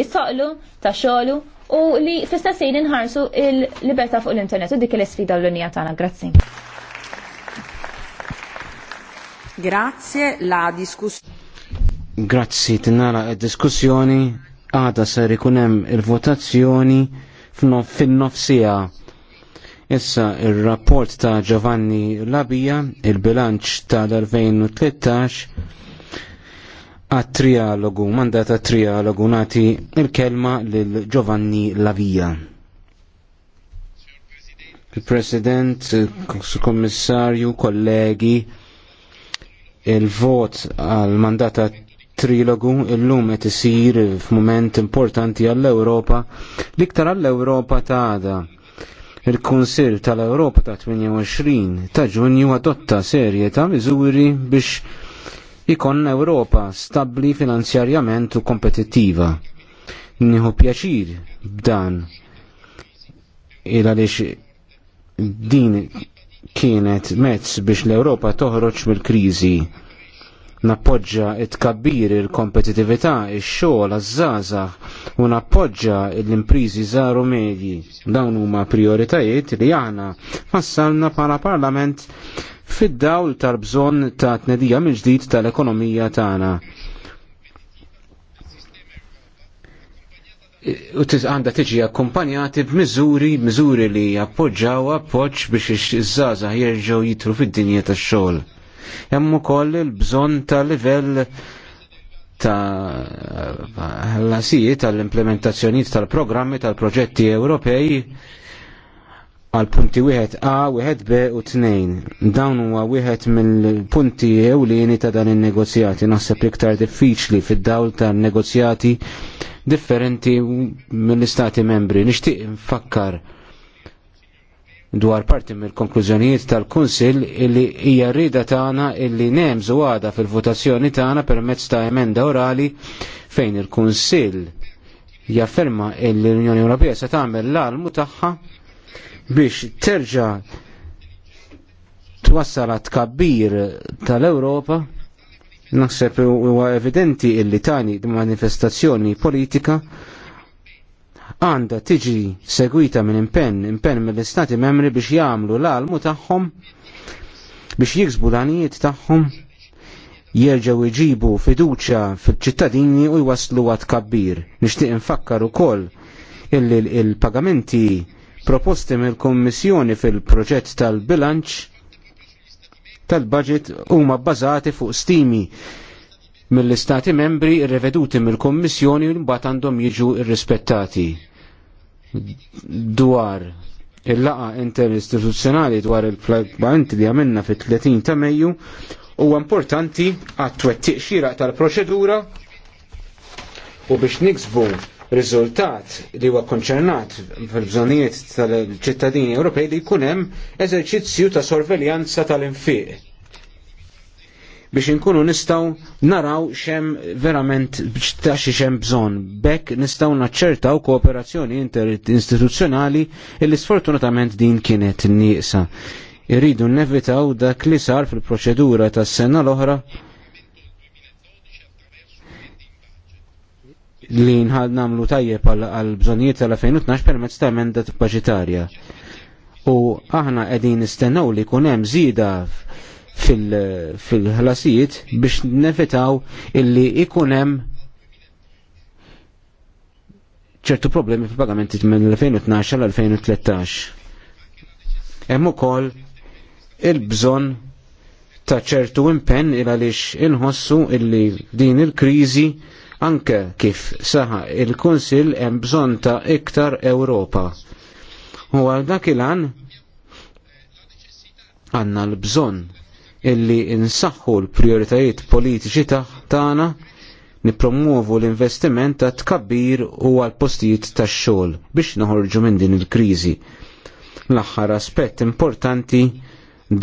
jisoqlu ta' xogħlu u li fl inħarsu il-libertà fuq l-internet u dik l sfida l-unija tagħna. Grazzi. Grazie la diskussjoni. Grazzi tinnara id-diskussjoni għada ser ikun hemm il-votazzjoni fin-nofsija. Issa il rapport ta' Giovanni Labija, il-bilanċ tal-2013 għat-trialogu, mandata trialogu nati il-kelma lil Giovanni Lavija. Il-President, Kommissarju, kollegi, il-vot għal mandata trilogu illum qed isir f'mument importanti għall-Ewropa l-iktar għall-Ewropa ta' għada. Il-Kunsil tal-Ewropa ta' 28 ta' Ġunju adotta serje ta' miżuri biex ikon Ewropa stabbli finanzjarjament u kompetittiva. Nieħu pjaċir b'dan il għaliex din kienet mezz biex l-Ewropa toħroġ mill-kriżi nappoġġa it-kabbir il-kompetitività, ix-xogħol għaż-żgħażagħ u nappoġġa l-imprizi żaru medji. Dawn huma prioritajiet li aħna fassalna bħala Parlament fid-dawl tal-bżonn ta' tnedija minn ġdid tal-ekonomija tagħna. u għanda tiġi akkumpanjati b'miżuri, miżuri li appoġġaw appoġġ biex iż-żaza jerġgħu jitru fid-dinja tax-xogħol. Hemm ukoll il-bżonn ta' livell ta' ħlasijiet tal-implementazzjonijiet tal-programmi tal-proġetti Ewropej għal punti wieħed A, wieħed B u tnejn. Dawn huwa wieħed mill-punti ewlieni ta' dan in-negozjati naħseb iktar diffiċli fid-dawl ta' negozjati differenti mill-istati membri. Nixtieq nfakkar dwar parti mill-konklużjonijiet tal-Kunsil illi hija rrida tagħna illi nemżu għada fil-votazzjoni tagħna permezz ta' emenda orali fejn il-Kunsil jafferma illi l-Unjoni Ewropea se tagħmel l-almu tagħha biex terġa twassala tkabbir tal-Europa naħseb huwa evidenti illi tani manifestazzjoni politika għanda tiġi segwita minn impenn, impenn mill-istati membri biex jagħmlu l-almu tagħhom biex jiksbu l-għanijiet tagħhom jerġgħu jġibu fiduċja fil-ċittadini u jwaslu għad kabbir. Nixtieq infakkar ukoll illi il pagamenti il proposti mill-Kommissjoni fil-proġett tal-bilanċ tal-budget huma bbażati fuq stimi mill-Istati membri reveduti mill-Kommissjoni u mbagħad għandhom jiġu rrispettati dwar il-laqa interistituzzjonali dwar il-plagment li għamilna fit-30 ta' Mejju huwa importanti għat-twettiq xieraq tal-proċedura u biex niksbu riżultat li huwa konċernat fil-bżonijiet tal-ċittadini Ewropej li jkun hemm eżerċizzju ta' sorveljanza tal-infiq biex inkunu nistaw naraw xem verament ta' xi xem bżonn. Bekk nistaw naċċertaw kooperazzjoni interinstituzzjonali illi sfortunatament din kienet nieqsa. Irridu nevitaw dak li sar fil-proċedura tas-sena l-oħra li nħad namlu tajjeb għal bżonijiet tal-2012 permezz ta' emenda budgetarja. U aħna qegħdin nistennew li kun hemm żieda fil-ħlasijiet biex nefetaw illi ikun hemm ċertu problemi fil-pagamenti minn 2012 għal 2013. Hemm ukoll il-bżonn ta' ċertu impenn il għaliex inħossu illi din il-kriżi il kriżi Anke kif saħa il konsil hemm bżonn ta' iktar Ewropa. U għal dakilan għanna l-bżonn illi insaħħu l-prioritajiet politiċi tagħna nipromuovu l-investiment ta' tkabbir u għal postijiet ta' xogħol biex noħorġu minn din il-kriżi. L-aħħar aspett importanti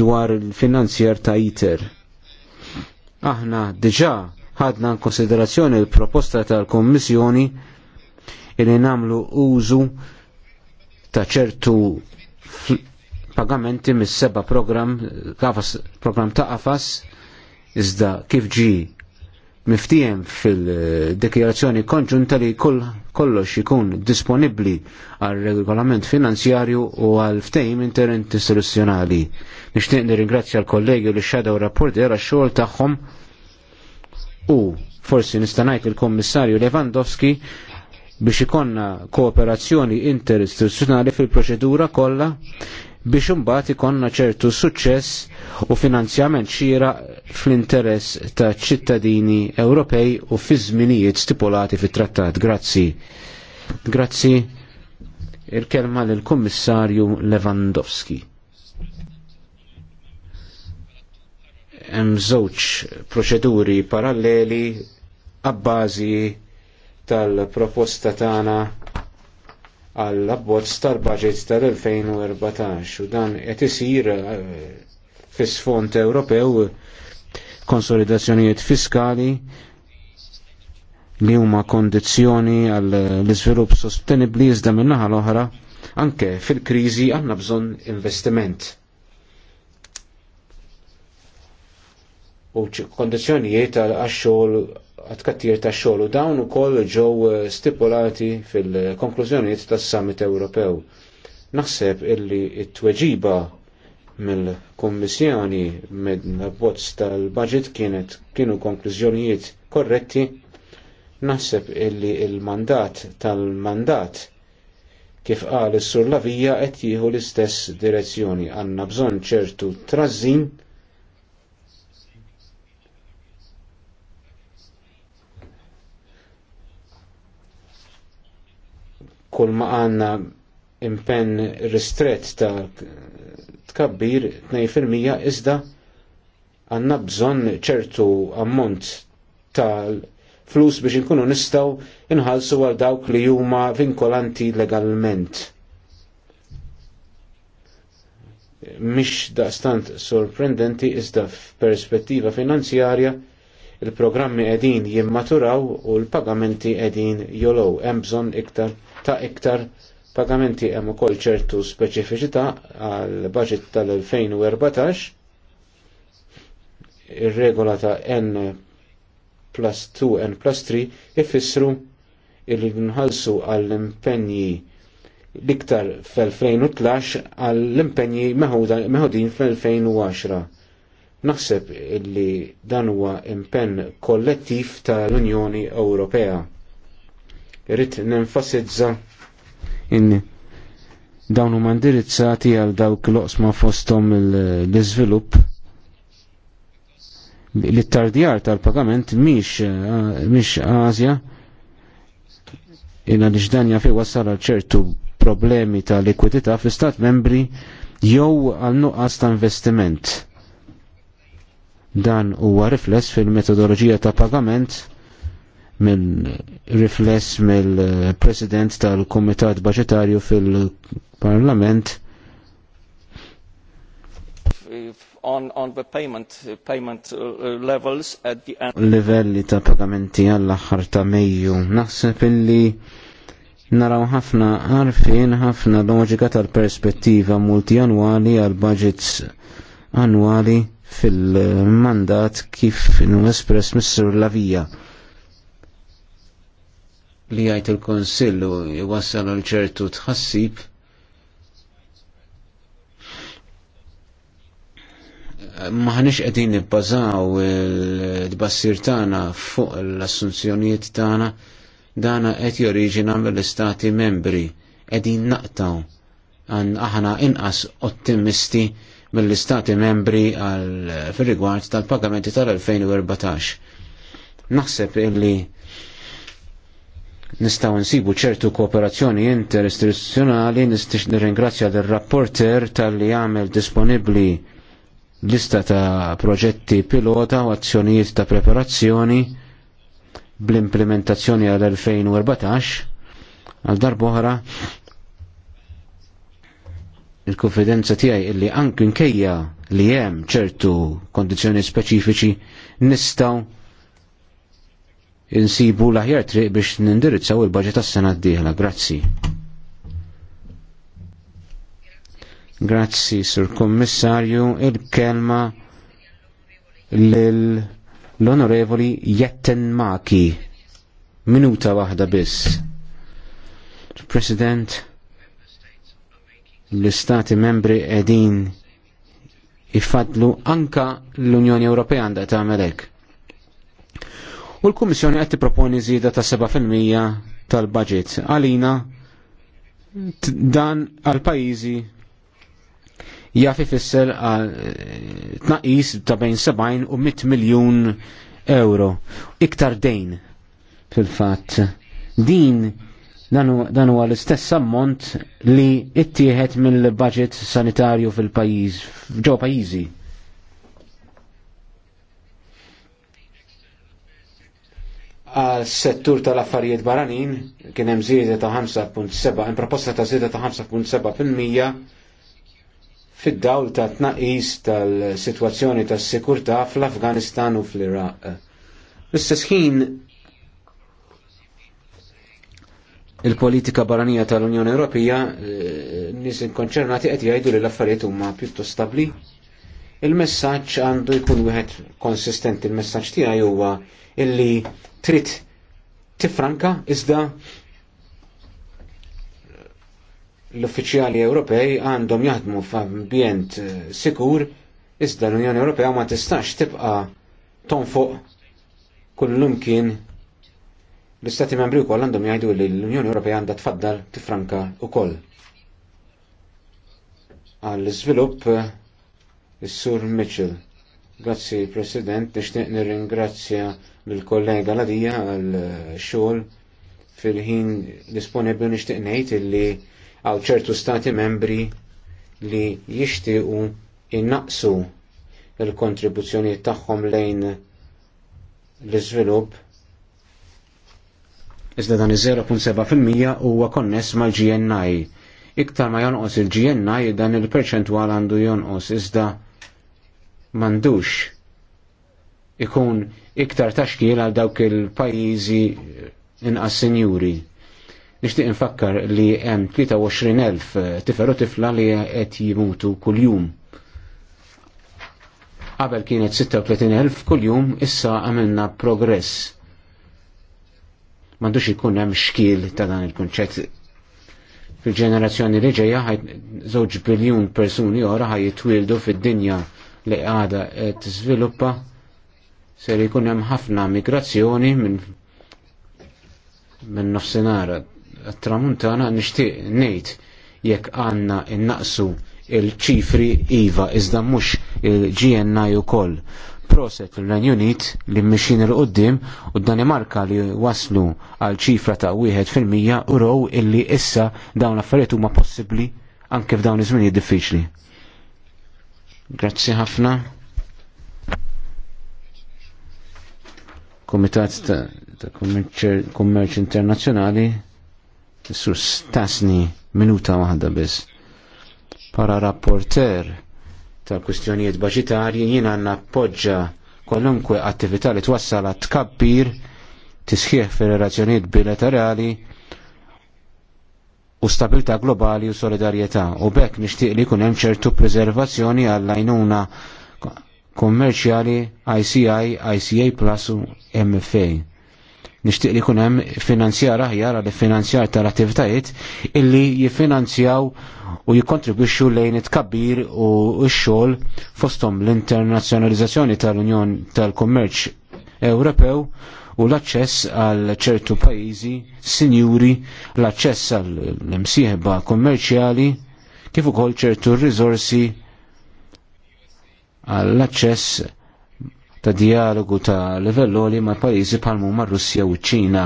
dwar il-finanzjar ta' ITER. Aħna diġà ħadna konsiderazzjoni l-proposta tal-Kommissjoni li namlu użu ta' ċertu pagamenti mis seba program, kafas, program ta' qafas, iżda kif ġi miftijem fil-dekjerazzjoni konġunta li kollox ikun disponibli għal regolament finanzjarju u għal ftejim interinstituzzjonali. Nixtieq nirringrazzja l-kollegi li l rapporti era għax xogħol tagħhom u forsi nistanajt il-Kommissarju Lewandowski biex ikonna kooperazzjoni interistituzzjonali fil-proċedura kollha biex imbagħad ikonna ċertu suċċess u finanzjament xira fl-interess ta' ċittadini Ewropej u fi żminijiet stipulati fit-trattat. Grazzi. Grazzi il-kelma lill kummissarju Lewandowski. hemm żewġ proċeduri paralleli abbażi tal-proposta tagħna għall abbozz tal-budget tal-2014 u dan qed isir eh, fis-Fond Ewropew konsolidazzjonijiet fiskali li huma kondizzjoni għall iżvilupp sostenibbli iżda min-naħa l-oħra anke fil-kriżi għandna bżonn investiment. u kondizjonijiet għax-xogħol għat-kattir ta' xogħol u dawn ukoll ġew eh, stipulati fil-konklużjonijiet tas-Summit Ewropew. Naħseb illi t-tweġiba mill-Kommissjoni mill bozz tal-budget kienet kienu konklużjonijiet korretti. Naħseb illi il-mandat tal-mandat kif qal is-sur Lavija qed jieħu l-istess direzzjoni għandna bżonn ċertu trażin kull ma għanna impenn ristret ta' tkabbir 2% iżda għanna bżon ċertu ammont tal-flus biex nkunu nistaw inħalsu għal dawk li huma vinkolanti legalment. Mish daqstant sorprendenti iżda f'perspettiva finanzjarja il-programmi edin jimmaturaw u l-pagamenti edin jolow. Hemm bżonn iktar ta' iktar pagamenti hemm ukoll ċertu speċifiċità għal budget tal-2014 ir-regola ta' N plus 2 N plus 3 ifissru illi nħallsu għall-impenji l-iktar fl-2013 għall-impenji meħudin fl-2010. Naħseb illi dan huwa impenn kollettiv tal-Unjoni Ewropea n nenfasizza inni dawn huma għal dawk l-oqsma fosthom l-iżvilupp eh, li t-tardjar tal-pagament miex Asja inna li ġdanja fi wasal ċertu problemi ta' likwidità fl-istat membri jew għal nuqqas ta' investiment. Dan huwa rifless fil-metodoloġija ta' pagament mill-rifless mill-president tal-Komitat Baġitarju fil-Parlament on, on the payment, payment uh, levels at the end. Livelli ta' pagamenti għall-axar ta' Mejju. Naħseb illi naraw ħafna għarfin, ħafna loġika tal-perspettiva multijanwali għal-budgets annwali fil-mandat kif nu espress Mr. Lavija li jgħid il-Konsillu jwassal għal ċertu tħassib maħnix qegħdin nibbażaw il-tbassir tagħna fuq l assunzjoniet tagħna dana qed joriġina mill-istati membri qegħdin naqtaw għan aħna inqas ottimisti mill-istati membri għal fil-rigward tal-pagamenti tal-2014. Naħseb illi nistaw nsibu ċertu kooperazzjoni interistituzzjonali nistix nirringrazzja l-rapporter tal-li għamel disponibli lista ta' proġetti pilota u azzjonijiet ta' preparazzjoni bl-implementazzjoni għal-2014 għal darboħra il-konfidenza tiegħi illi anke nkejja li hemm ċertu kondizzjoni speċifiċi nistgħu insibu l triq biex nindirizzaw il-budget tas-sena d-dieħla. Grazzi. Grazzi, Sur Kommissarju, il-kelma l-Onorevoli Jetten Maki. Minuta waħda biss. President, l-Istati membri edin ifadlu anka l-Unjoni Ewropea għandha tagħmel hekk u l-Kummissjoni qed tipproponi żieda ta' 7% tal-budget. Għalina dan għal pajjiżi jaf ifisser għal eh, tnaqis ta' bejn 70 u 100 miljun euro. Iktar dejn fil-fatt. Din dan huwa l-istess ammont li ittieħed mill-budget sanitarju fil-pajjiż, ġo pajjiżi. għal settur tal-affarijiet baranin kien hemm żieda ta' 5.7, hemm proposta ta' żieda ta' 5.7% fid-dawl ta' tnaqis tal-sitwazzjoni tas-sikurtà fl-Afganistan u fl-Iraq. L-istess ħin il-politika barranija tal-Unjoni Ewropea eh, nies inkonċernati qed jgħidu li l-affarijiet huma pjuttost stabbli il-messaġġ għandu jkun wieħed konsistenti, il-messaġġ tiegħi huwa illi trid tifranka iżda l-uffiċjali Ewropej għandhom jaħdmu f'ambjent eh, sikur iżda l-Unjoni Ewropea ma tistax tibqa tonfoq kullumkien l-Istati Membri wkoll għandhom jgħidu li l-Unjoni Ewropea għandha tfaddal tifranka ukoll għall-iżvilupp Is-Sur Mitchell. Grazzi President, nixtieq nirringrazzja lill-kollega Ladija għal xogħol fil-ħin disponibbli nixtieq ngħid illi għaw ċertu stati membri li jixtiequ innaqsu il-kontribuzzjoni tagħhom lejn l-iżvilupp iżda dan iż-0.7% huwa konness mal-GNI. Iktar ma jonqos il-GNI dan il-perċentwal għandu jonqos iżda mandux ikun iktar taxkil għal dawk il-pajizi eh, inqas senjuri. Nishtiq infakkar li hemm 23,000 eh, tifel u tifla li qed jimutu kuljum. Qabel kienet 36,000 kuljum, issa għamilna progress. Mandux ikun hemm xkil ta' dan il-kunċett fil-ġenerazzjoni li ġejja żewġ biljun persuni oħra ħaj jitwildu fid-dinja li għada t-sviluppa ser jkun hemm ħafna migrazzjoni minn minn nofsinhar tramuntana nixtieq ngħid jekk għandna innaqsu il-ċifri iva iżda mhux il-GNI ukoll. Proset l-Ren Unit li mmixin il qoddim u Danimarka li waslu għal ċifra ta' wieħed fil-mija u row illi issa dawn l-affarijiet huma possibbli anke f'dawn iż-żmien diffiċli. Grazzi ħafna. Komitat ta', Kummerċ Internazzjonali sur stasni minuta waħda biss. Para rapporter tal-kwistjonijiet baġitarji jiena nappoġġa kwalunkwe attività li twassal għat kabbir tisħieħ fir relazzjonijiet bilaterali u stabilta globali u solidarjetà u bekk nixtieq li jkun hemm ċertu preservazzjoni għall-għajnuna kommerċjali ICI, ICA Plus u MFA. Nixtieq li jkun hemm finanzjar aħjar għal finanzjar tal-attivitajiet illi jiffinanzjaw u jikkontribwixxu lejn it-kabbir u x-xogħol fosthom l-internazzjonalizzazzjoni tal-Unjon tal-Kummerċ Ewropew u l-aċċess għal ċertu pajjiżi, sinjuri, l-aċċess għal imsieħba kommerċjali, kif ukoll ċertu għal għall aċċess ta' dialogu ta' livelloli ma' pajjiżi bħalmu ma' Russja u ċina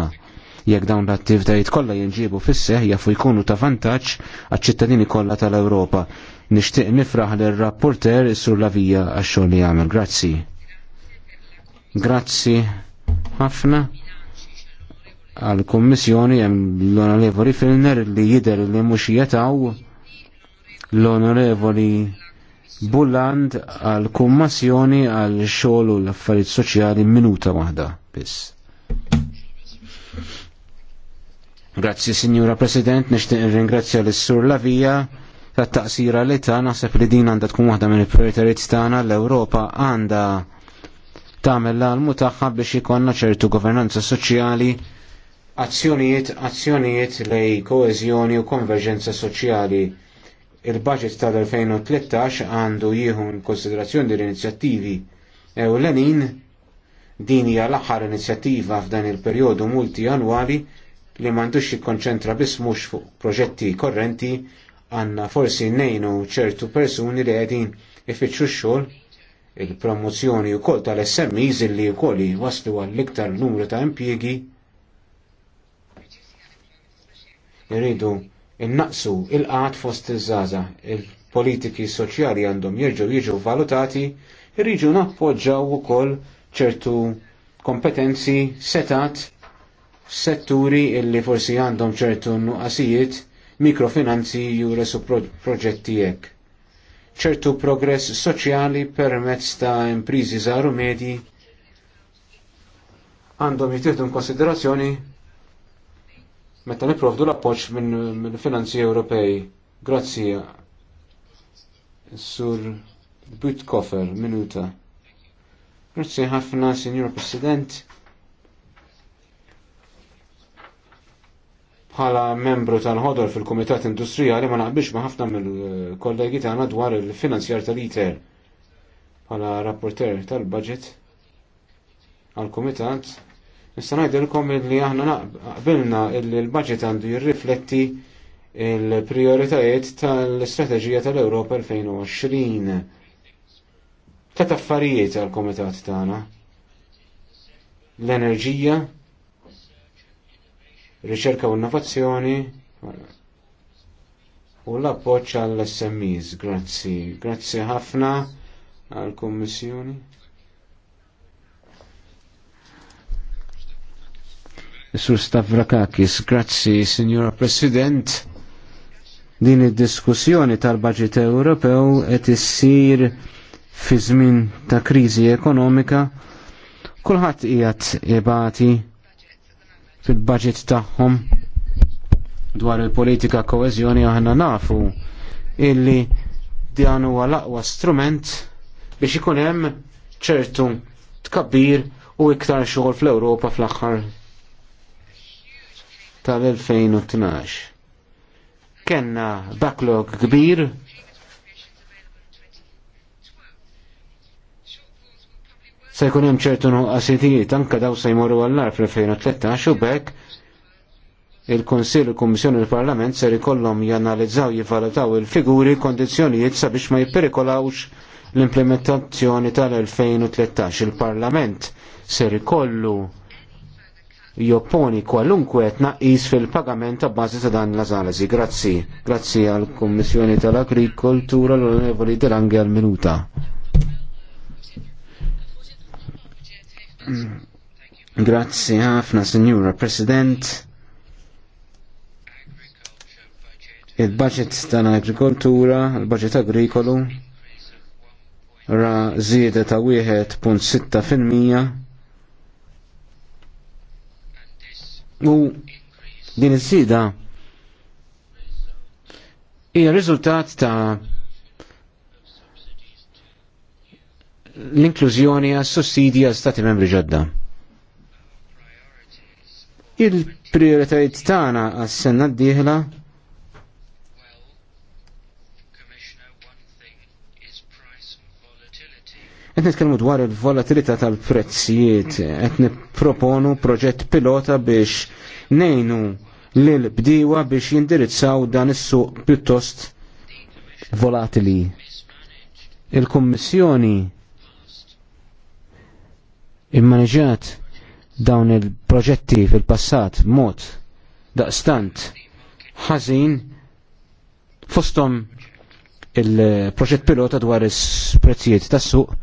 Jekk dawn l-attivitajiet kollha jinġiebu fis-seħ jafu jkunu ta' vantaġġ għaċ-ċittadini kollha tal-Ewropa. Nixtieq nifraħ lir-rapporter Sur Lavija għax-xogħol li jagħmel. Grazzi. Grazzi ħafna għal-Kommissjoni hemm l-Onorevoli Filner li jider li mhux jetaw l-Onorevoli Bulland għal-Kummissjoni għal xogħol u l-affarijiet soċjali minuta waħda biss. Grazzi Signora President, nixtieq ringrazzja lis sur Lavija tat-taqsira li ta' naħseb li din għandha tkun waħda mill-prioritariet tagħna l-Ewropa għandha tagħmel l-almu tagħha biex ikonna ċertu governanza soċjali azzjonijiet azzjonijiet lej koeżjoni u konverġenza soċjali. Il-budget tal-2013 għandu jieħu konsiderazzjoni din inizjattivi ewlenin din hija l-aħħar inizjattiva f'dan il-perjodu multi annwali li m'għandux jikkonċentra biss mhux fuq proġetti korrenti għandna forsi nejnu ċertu persuni li qegħdin ifittxu x-xogħol il-promozzjoni wkoll tal-SMEs illi wkoll waslu għall-iktar numru ta' impjiegi irridu innaqsu il-qat fost iż-żaza, il-politiki soċjali għandhom jirġu jiġu valutati, irridu nappoġġaw ukoll ċertu kompetenzi setat setturi illi forsi għandhom ċertu nuqqasijiet mikrofinanzi resu su proġettijek ċertu progress soċjali permezz ta' imprizi żgħar u medji għandhom jittieħdu konsiderazzjoni meta nipprovdu l-appoġġ minn finanzi Ewropej. Grazzi sur Butkofer minuta. Grazzi ħafna, Signor President. bħala membru tal-ħodor fil-Kumitat Industrijali ma naqbilx ma' ħafna mill-kollegi tagħna dwar il-finanzjar tal-ITER bħala rapporter tal-budget għal-Kumitat Nista' ngħidilkom li aħna naqbilna li l-budget għandu jirrifletti il-prioritajiet tal-Istrateġija tal-Ewropa 2020. Tlet affarijiet għall kumitat tagħna. L-enerġija, riċerka u innovazzjoni u l-appoċ għall smes Grazzi, grazzi ħafna għall-Kommissjoni. Sur Stavrakakis, grazzi, Signora President. Din id-diskussjoni tal-Baġit Ewropew qed issir fi żmien ta' kriżi ekonomika kulħadd qiegħed ibati fil-budget tagħhom dwar il-politika koeżjoni aħna nafu illi dan huwa l-aqwa strument biex ikun hemm ċertu tkabbir u iktar xogħol fl-Ewropa fl-aħħar tal-2012. Kenna backlog kbir se jkun hemm ċertu nuqqasijiet anke daw se jmorru għall-nar fl-2013 u bekk il-Konsil, il Kummissjoni il-Parlament ser ikollhom janalizzaw jivalutaw il-figuri kondizzjonijiet sabiex ma jipperikolawx l-implementazzjoni tal-2013. Il-Parlament ser ikollu jopponi kwalunkwe tnaqqis fil-pagament ta' bażi ta' dan l-azalazi. Grazzi. Grazzi għal-Kommissjoni tal-Agrikoltura l-Onorevoli Delanghi għal-Minuta. Mm. Grazie ħafna, Signora President. Il-budget tal-agrikoltura, il-budget agrikolu, ra zieda ta' 1.6% U din iż żieda hija riżultat ta' l-inklużjoni għas sussidji għas stati membri ġodda. Il-prioritajt tagħna għas senna d-dieħla Qed nitkellmu dwar il-volatilità tal-prezzijiet, qed nipproponu proġett pilota biex nejnu l-bdiwa biex jindirizzaw dan is-suq pjuttost volatili. Il-Kummissjoni immaneġat dawn il-proġetti fil-passat mod daqstant ħażin fostom il-proġett pilota dwar is-prezzijiet tas-suq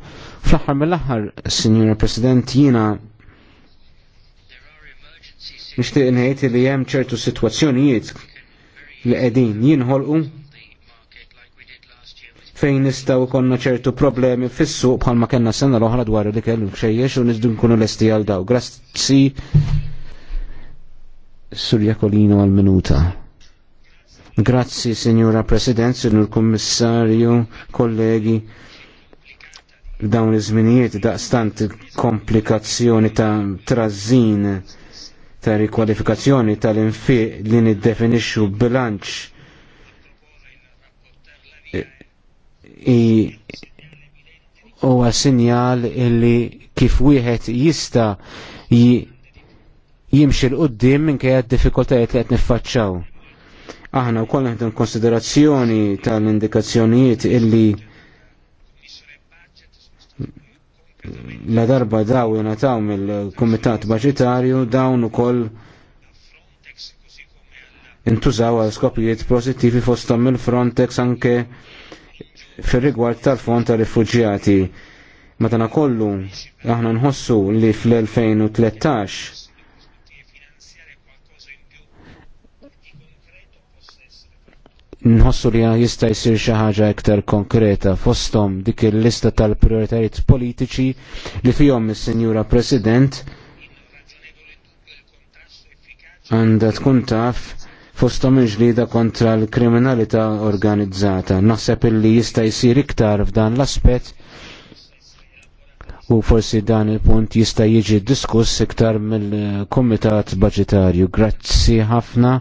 fl-aħħar mill-aħħar, Sinjur President, jiena nixtieq ngħid li hemm ċertu sitwazzjonijiet li qegħdin jinħolqu fejn nistaw konna ċertu problemi fissu bħalma kena sena l-oħra dwar li kellu xejjex u nizdun nkunu l-esti għal daw. Grazzi Surja Kolino għal minuta. Grazzi, Signora President, Signor Kommissarju, kollegi, dawn iż-żminijiet daqstant komplikazzjoni ta' trażin ta' rikwalifikazzjoni tal-infiq li niddefinixxu bilanċ huwa sinjal illi kif wieħed jista jimxi l-qoddim minkejja d-diffikultajiet li qed niffaċċaw. Aħna wkoll naħdu konsiderazzjoni tal-indikazzjonijiet illi la darba daw jonataw mill-Kumitat Baġitarju dawn ukoll intużaw għal skopijiet pozittivi fostom mill-Frontex anke fil-rigward tal-fond tal-rifugjati. Matana kollu, aħna nħossu li fl-2013 nħossu li jista jisir xi ħaġa iktar konkreta fosthom dik il-lista tal-prioritajiet politiċi li fihom is-Sinjura President għandha tkun taf fostom ġlida kontra l-kriminalità organizzata. Naħseb illi jista' jsir iktar f'dan l-aspett u forsi dan il-punt jista' jiġi diskuss iktar mill-Kumitat Baġitarju. Grazzi ħafna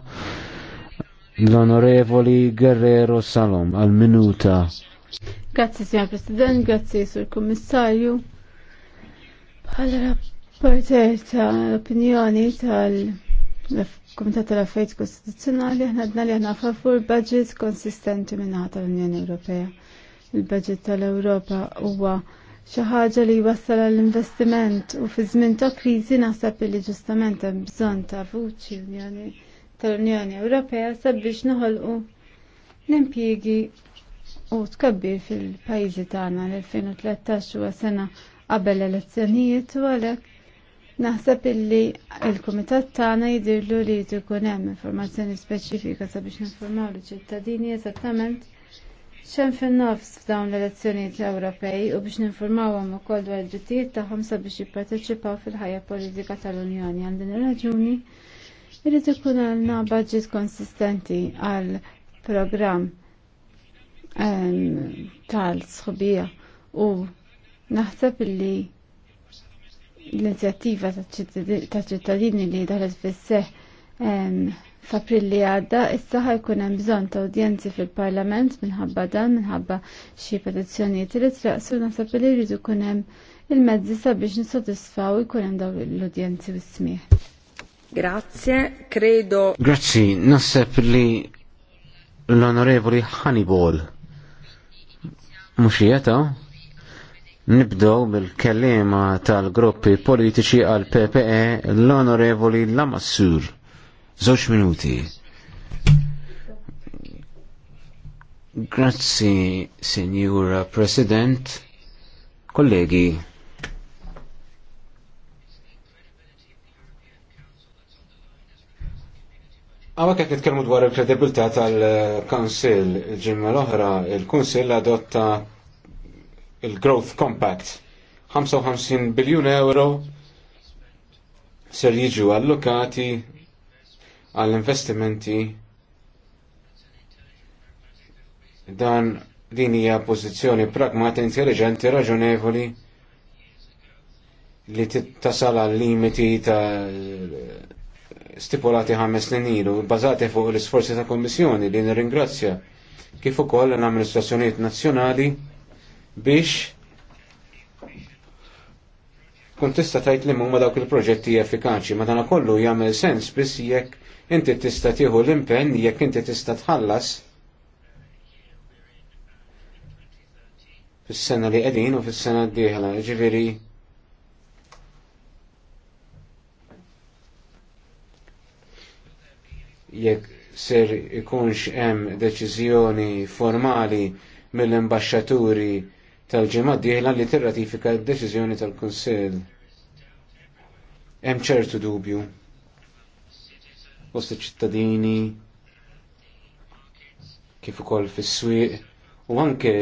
l-Onorevoli Guerrero Salom għal-minuta. Grazzi, Signor President, grazzi, Sur Kommissarju. Bħala rapporter ta' opinjoni tal- Komitat tal-Affarijiet Kostituzzjonali aħna għadna li aħna favur budget konsistenti minnaħa tal-Unjoni Ewropea. Il-budget tal-Ewropa huwa xi ħaġa li jwassal għall-investiment u fi żmien ta' kriżi naħseb li ġustament hemm bżonn ta' vuċi Unjoni tal-Unjoni Ewropea sabiex noħolqu l-impjiegi u tkabbir fil-pajjiżi tagħna l-2013 huwa sena qabel elezzjonijiet u għalhekk Naħseb illi il-Kumitat tagħna jidhirlu li jrid ikun hemm informazzjoni speċifika sabiex informaw l-ċittadini eżattament xemm fin-nofs f'dawn l-elezzjonijiet Ewropej u biex ninformawhom ukoll dwar id-drittijiet tagħhom sabiex jipparteċipaw fil-ħajja politika tal-Unjoni għal din ir-raġuni irid ikun għandna budget konsistenti għal programm ehm, tal sħubija u naħseb illi l-inizjattiva ta' ċittadini li daħlet fis-seħ f'April li għadda, issa ħajkun hemm bżonn ta' udjenzi fil-Parlament minħabba dan minħabba xi petizzjonijiet li traqsu naħseb li jridu jkun hemm il-mezzi sabiex nissodisfaw jkun hemm dawn l-udjenzi u smieħ. Grazie, credo. Grazzi, naħseb li l-Onorevoli Hannibal mhux Nibdow bil-kellima tal-gruppi politiċi għal PPE l-Onorevoli Lamassur. Zoċ minuti. Grazzi, Signora President, kollegi. Għawa kħet nitkelmu dwar il-kredibilità tal-Kansil ġimma l-oħra, il-Kunsil adotta il-Growth Compact. 55 biljun euro ser jiġu allokati għall-investimenti dan din hija pożizzjoni pragmata intelligenti raġunevoli li tittasal għal limiti ta' stipulati ħames snin ilu, bazati fuq l-isforzi ta' kommissjoni li nirringrazzja kif ukoll l-amministrazzjonijiet nazzjonali biex kontista tista' tajt li huma dawk il-proġetti effikaċi, dana kollu jagħmel sens biss jekk inti tista' tieħu l-impenn jekk inti tista' tħallas fis-sena li qegħdin u fis-sena d-dieħla, ġifieri jekk ser ikunx hemm deċiżjoni formali mill-imbaxxaturi tal-ġimgħa d-dieħla li tirratifika d-deċiżjoni tal-Kunsill. Hemm ċertu dubju fost iċ-ċittadini kif ukoll fis-swieq u anke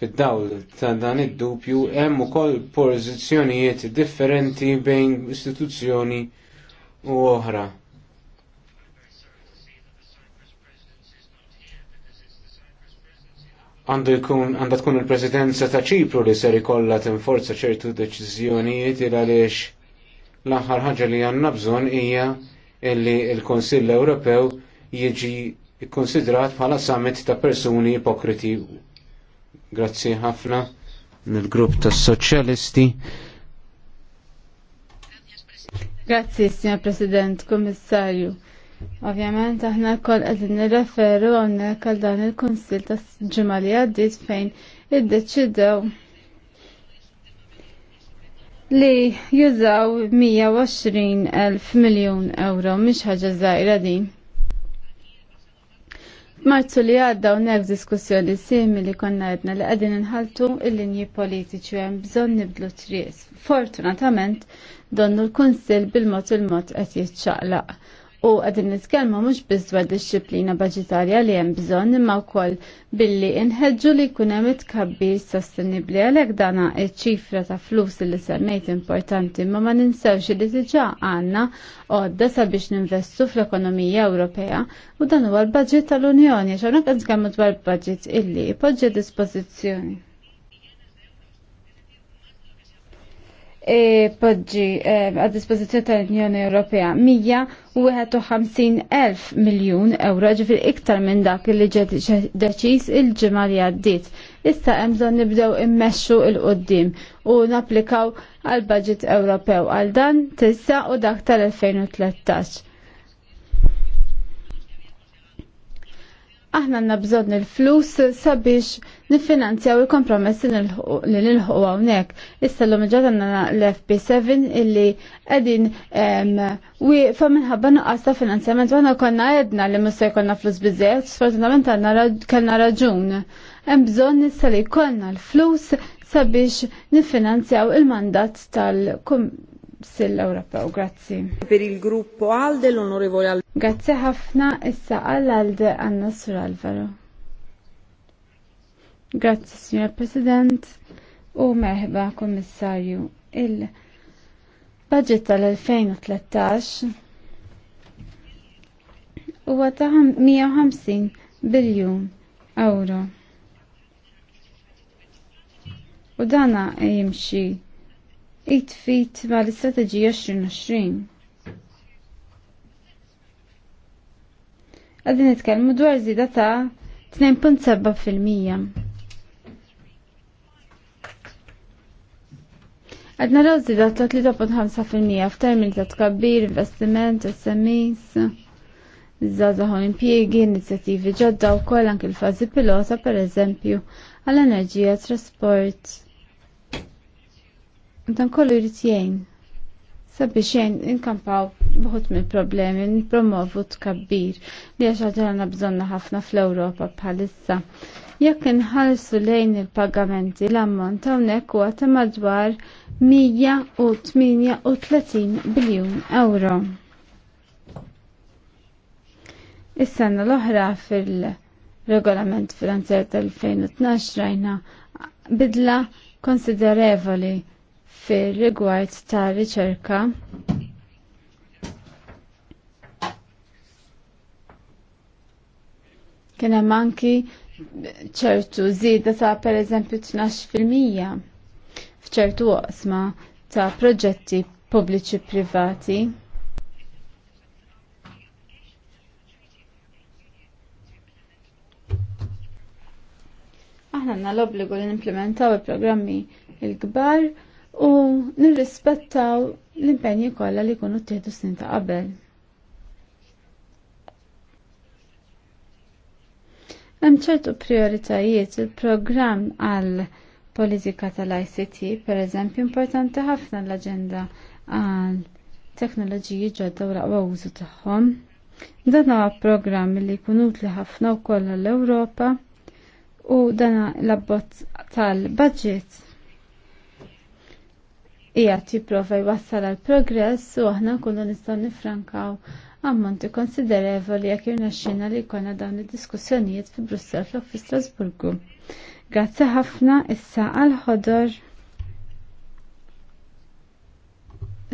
fid-dawl ta' dan id-dubju hemm ukoll pożizzjonijiet differenti bejn istituzzjoni u oħra. għandu jkun għandha tkun il-presidenza ta' ċipru li ser ikollha tinforza ċertu deċiżjonijiet il għaliex l-aħħar ħaġa li għandna bżonn hija illi l-Konsill Ewropew jiġi konsidrat bħala summit ta' persuni ipokriti. Grazzi ħafna nil grupp tas-soċjalisti. Grazzi, signor President, Kommissarju. Ovvjament aħna kol qegħdin nirreferu hawnhekk għal dan il konsil ta' ġimgħa li għaddiet fejn iddeċidew li jużaw 120,000 miljun euro mhix ħaġa zaħira din. Marzu li għadda unnek diskussjoni simili konna għedna li għedin nħaltu il-linji politiċi għem bżon nibdlu tries. Fortunatament, donnu l konsil bil-mot il-mot għet jitċaqlaq U għadin nitkellmu mhux biss dwar disċiplina baġitarja li hemm bżonn imma wkoll billi inħeġġu li jkun hemm itkabbir sostenibbli għalhekk dana iċ ċifra ta' flus li semmejt importanti ma ma ninsewx li diġà għandna għodda sabiex ninvestu fl-ekonomija Ewropea u dan huwa l-budget tal-Unjoni għax hawnhekk qed dwar budget illi ipoġġi dispożizzjoni. E, poġġi għad e, dispożizzjoni tal-Unjoni Ewropea 151,000 miljun euro ġifir iktar minn dak li ġed deċiż il-ġimgħa li għaddiet. Issa hemm bżonn nibdew immexxu il qoddim u napplikaw għal budget Ewropew għal dan tissa u dak tal-2013. aħna għanna bżonn il-flus sabiex nifinanzjaw il-kompromess li nilħu għawnek. Issa l-lum ġad għanna l-FP7 illi għedin u fa minħabba nuqqas ta' finanzjament għanna konna għedna li musa jkonna flus bizzejt, sfortunament għanna kellna raġun. Hemm bżonn nissa li konna l-flus sabiex nifinanzjaw il-mandat tal-kompromess sill Ewropew. Grazzi. Per il gruppo Alde l'onorevole Alde. Grazzi ħafna issa għall Alde għanna Sur Alvaro. Grazzi Signor President u meħba Kommissarju. Il-budget tal-2013 huwa għata 150 biljun euro. U dana jimxie jitfit ma l-istrateġija 2020. Għadin nitkellmu dwar zida ta' 2.7%. Għadna raw zida ta' 3.5% f'termin ta' tkabbir, investiment, SMEs, zazahon impjiegi, inizjattivi ġodda u koll anke l-fazi pilota per eżempju għall-enerġija, trasport, Dan kollu jrid jgħin. Sabbi xejn inkampaw buħut mill problemi nippromovu tkabbir li għax ħaġa bżonna ħafna fl-Ewropa bħalissa. Jekk inħallsu lejn il-pagamenti l-ammont hawnhekk huwa ta' madwar 138 biljun euro. Is-sena l-oħra fil-regolament finanzjer tal-2012 rajna bidla konsiderevoli fil-rigward ta' riċerka kien hemm anki ċertu żieda ta' pereżempju 12% f'ċertu oqsma ta' proġetti pubbliċi privati. Aħna għandna l-obbligu li nimplementaw il-programmi il-kbar il programmi il gbar il kbar u nirrispettaw l impegni kollha li jkunu ttieħdu snin ta' qabel. Hemm ċertu prioritajiet il-programm għal politika tal-ICT, per eżempju, importanti ħafna l-aġenda għal teknoloġiji ġodda u raqwa użu tagħhom. Dan huwa programm li jkun utli ħafna wkoll l-Ewropa u dan l-abbozz tal-budget qiegħed jipprova jwassal għal progress u aħna kullu nistgħu nifrankaw ammonti konsiderevoli jekk irnexxina li jkollna dawn id-diskussjonijiet fi Brussel u fi Strasburgu. Grazzi ħafna issa għal ħodor.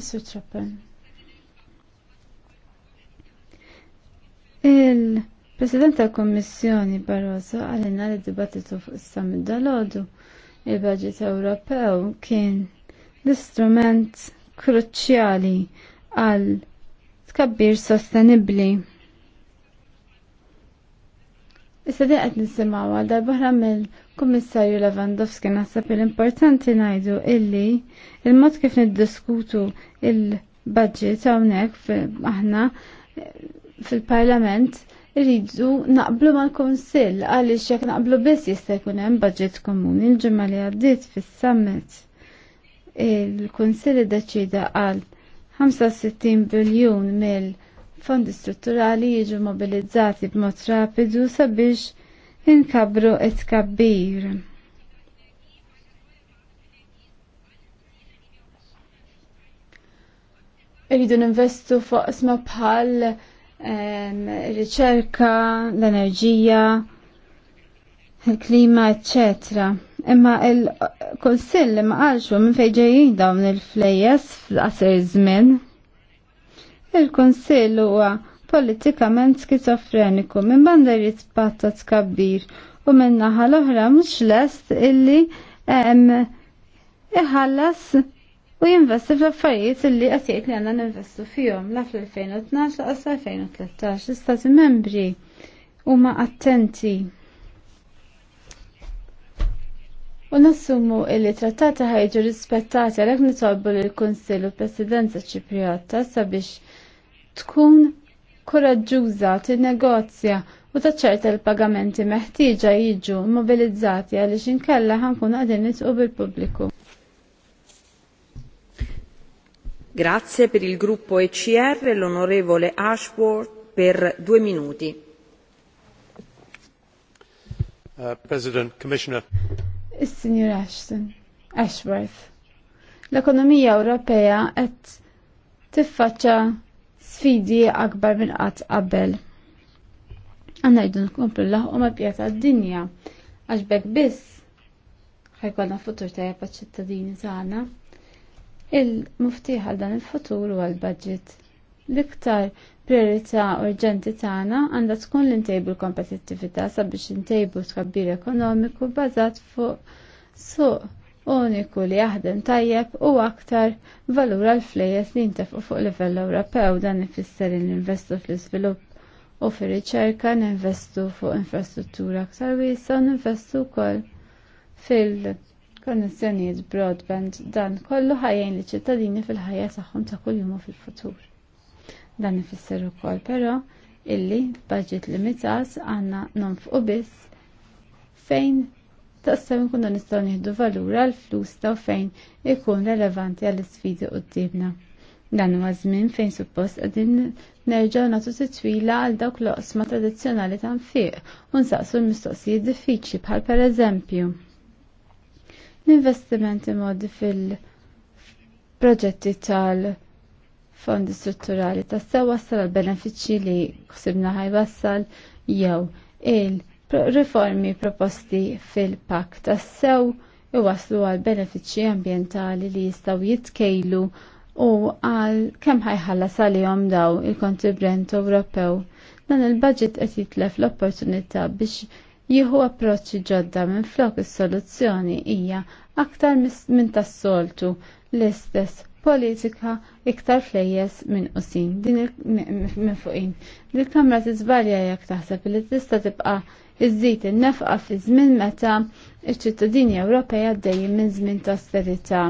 Issu ċappen. Il-President tal-Kommissjoni Barroso għalina li dibattitu fuq is-Summit dal-Odu il-Budget Ewropew kien l-istrument kruċjali għal tkabbir sostenibli. Issa di qed nisimaw għal darbaħra mill-Kummissarju Lewandowski naħseb l-importanti najdu illi il-mod kif niddiskutu il-budget hawnhekk aħna fil-Parlament rridu naqblu mal kunsill għaliex jekk naqblu biss jista' jkun hemm budget komuni l-ġimgħa li għaddiet fis-summit il konsili iddeċida għal 65 biljun mill-fondi strutturali jiġu mobilizzati b'mod rapidu sabiex inkabru it-kabbir. Iridu ninvestu fuq isma bħal riċerka, l-enerġija, il-klima, eccetera. Imma il-Konsill ma qalxu minn fejn dawn il-flejjes fl-qasir żmien. Il-Konsill huwa politikament skizofreniku minn banda jrid kabbir tkabbir u minn naħa l-oħra mhux lest illi iħallas u jinvesti fl-affarijiet illi qed jgħid li għandna ninvestu fihom la fl-2012 la 2013 istati Membri huma attenti. U nassumu illi trattati ħajġu rispettati għalhekk nitolbu lill konsil u Presidenza Ċipriotta sabiex tkun t tinnegozja u taċċerta l-pagamenti meħtieġa jiġu mobilizzati għaliex inkella ħankun qegħdin nitqu bil-pubbliku. Grazie per il gruppo ECR l'onorevole Ashworth per due minuti. Uh, President, Commissioner. Is-Sinjur Ashton, Ashworth. L-ekonomija Ewropea qed tiffaċċa sfidi akbar minn qatt qabel. Għanna jiddu nkomplu laħqu ma' pjata d-dinja għax bekk biss ħajkolna futur tajjeb għaċ-ċittadini tagħna. Il-muftiħ għal dan il-futur u għal-budget L-iktar priorità urġenti tagħna għandha tkun l intejbu l-kompetittività sabiex intejbu tkabbir ekonomiku bbażat fuq suq uniku li jaħdem tajjeb u aktar valur għal flejjes li jintefqu fuq livell Ewropew dan ifisser li investu fl-iżvilupp u fir-riċerka ninvestu fuq infrastruttura aktar wiesa u ninvestu wkoll fil- konnessjonijiet broadband dan kollu ħajjin li ċittadini fil-ħajja tagħhom ta' kuljum fil-futur. Dan ifisser ukoll però illi budget limitat għandna nonfqu biss fejn tassew nkunu nistgħu nieħdu valura għall flus ta' fejn ikun relevanti għall isfidi qudiemna. Dan huwa żmien fejn suppost qegħdin nerġgħu nagħtu titwila għal dawk l-oqsma tradizzjonali ta' nfiq u nsaqsu l-mistoqsijiet diffiċli bħal pereżempju. L-investimenti modi fil-proġetti tal- fondi strutturali ta' sew wassal għal benefiċċji li ksibna ħajwassal jew il-riformi proposti fil-pak ta' sew iwaslu għal benefiċċji ambientali li jistaw jitkejlu u għal kemm ħajħallas għalihom daw il-kontribrent Ewropew. Dan il-budget qed jitlef l-opportunità biex jieħu approċċi ġodda minn flok is-soluzzjoni hija aktar minn tas-soltu l-istess politika iktar flejjes minn qusin din minn fuqin. dil kamra t-izbalja jekk taħseb li tista' tibqa' iż-żit in-nefqa fi żmien meta iċ-ċittadini Ewropej għaddej minn żmien ta' austerità.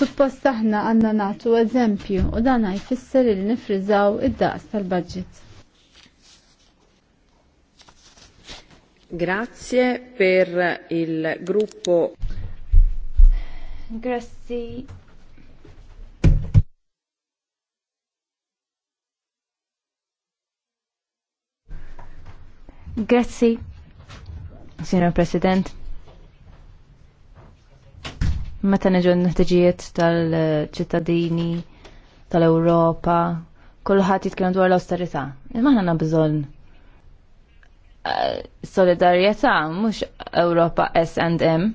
Suppost aħna għandna nagħtu eżempju u dan jfisser li nifriżaw id-daqs tal-budget. Grazie per il gruppo. Grazie Grazzi, Signor President. Meta neġu n-ħtiġijiet tal-ċittadini, tal-Europa, kullħat jitkellem dwar l-austerità. Imma għanna bżonn eh, solidarjetà mhux Ewropa S&M.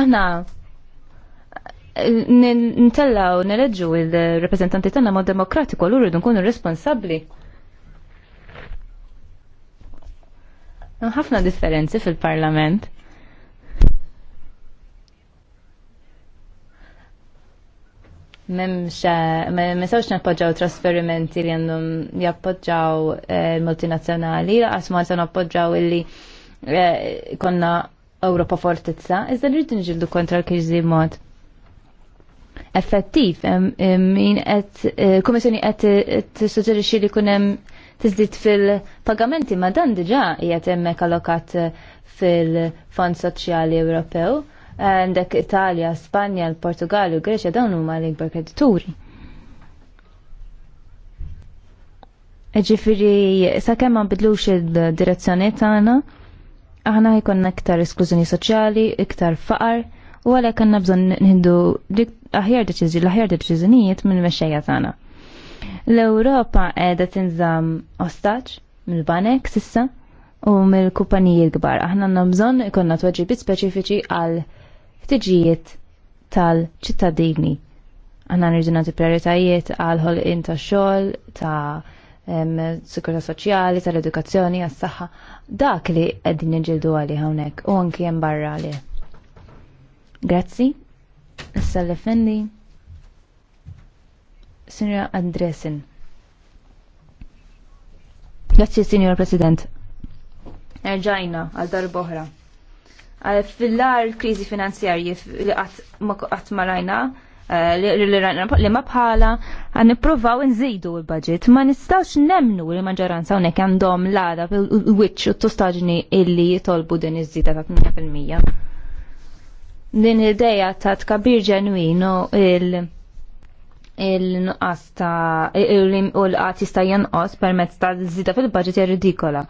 Aħna nintellaw nereġġu il-reprezentanti tagħna mod demokratiku għal rridu nkunu responsabbli. Hemm ħafna differenzi fil-Parlament. Memxa, ma nappoġġaw trasferimenti li għandhom jappoġġaw eh, multinazzjonali, laqas ma nistgħu illi eh, konna Ewropa fortizza, iżda rridu nġildu kontra l-kriżi mod effettiv. Min qed kummissjoni qed tissuġġerixxi li jkun hemm tiżdid fil-pagamenti ma dan diġà qiegħed hemmhekk allokat fil-Fond Soċjali Ewropew. Għandek Italja, Spanja, l-Portugal u Greċja dawn huma l-ikbar kredituri. Ġifiri, sakemm ma bidlux il-direzzjoni tagħna, aħna jkollna iktar esklużjoni soċjali, iktar faqar, u għalhekk għandna bżonn nħindu aħjar deċiżi, l-aħjar deċiżinijiet minn meċċeja tagħna. L-Ewropa qiegħda tinżamm ostaġġ mill-banek sissa u mill-kumpaniji l-kbar. Aħna għandna bżonn ikonna tweġibiet speċifiċi għal ħtiġijiet tal-ċittadini. Aħna nirdu nati prioritajiet għal ħolqien tax-xogħol ta' sikurta soċjali, tal-edukazzjoni, għas-saħħa. Dak li qegħdin nġildu għalih hawnhekk u anki hemm barra għalih. Grazzi, Issa l-effendi. Signora Andresen. Grazie, Signor President. Erġajna għal darboħra. Fil-lar krizi finanzjarji li għat marajna, eh, li ma bħala għan niprofaw nżidu il-budget ma nistawx nemnu li maġġoranza unek għandhom l-għada u t-tostaġni illi jitolbu din iż-żida ta' 8% din l-ideja ta' tkabir ġenwinu il- il-nuqqas u l-qat jista' jenqos permezz ta' zida fil-budget hija ridikola.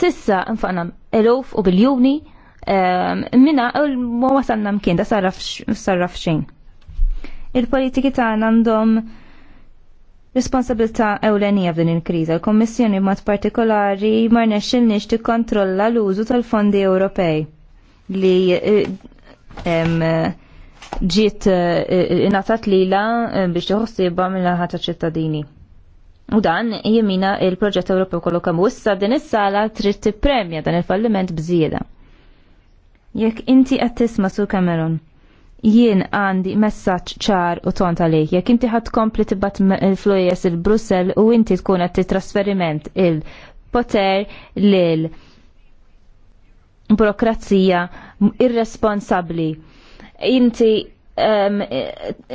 Sissa nfaqna eluf u biljuni ehm, minna ma wasalna mkien da sarraf xejn. Il-politiki tagħna għandhom responsabilità ewlenija f'din il-kriża. Il-Kommissjoni Mod partikolari ma rnexxilniex tikkontrolla l-użu tal-fondi Ewropej li eh, ġiet eh, inatat lila eh, biex tħossiba mill-ħata ċittadini. U dan jemina il-proġett Ewropew kollu kemm issa din is-sala trid tippremja dan il-falliment bżieda. Jekk inti qed tisma' Sur Cameron, jien għandi messaġġ ċar u tont għalih. Jekk inti ħadd kompli tibgħat il-flujes il-Brussell u inti tkun qed titrasferiment il-poter lil burokrazija irresponsabbli. Inti um,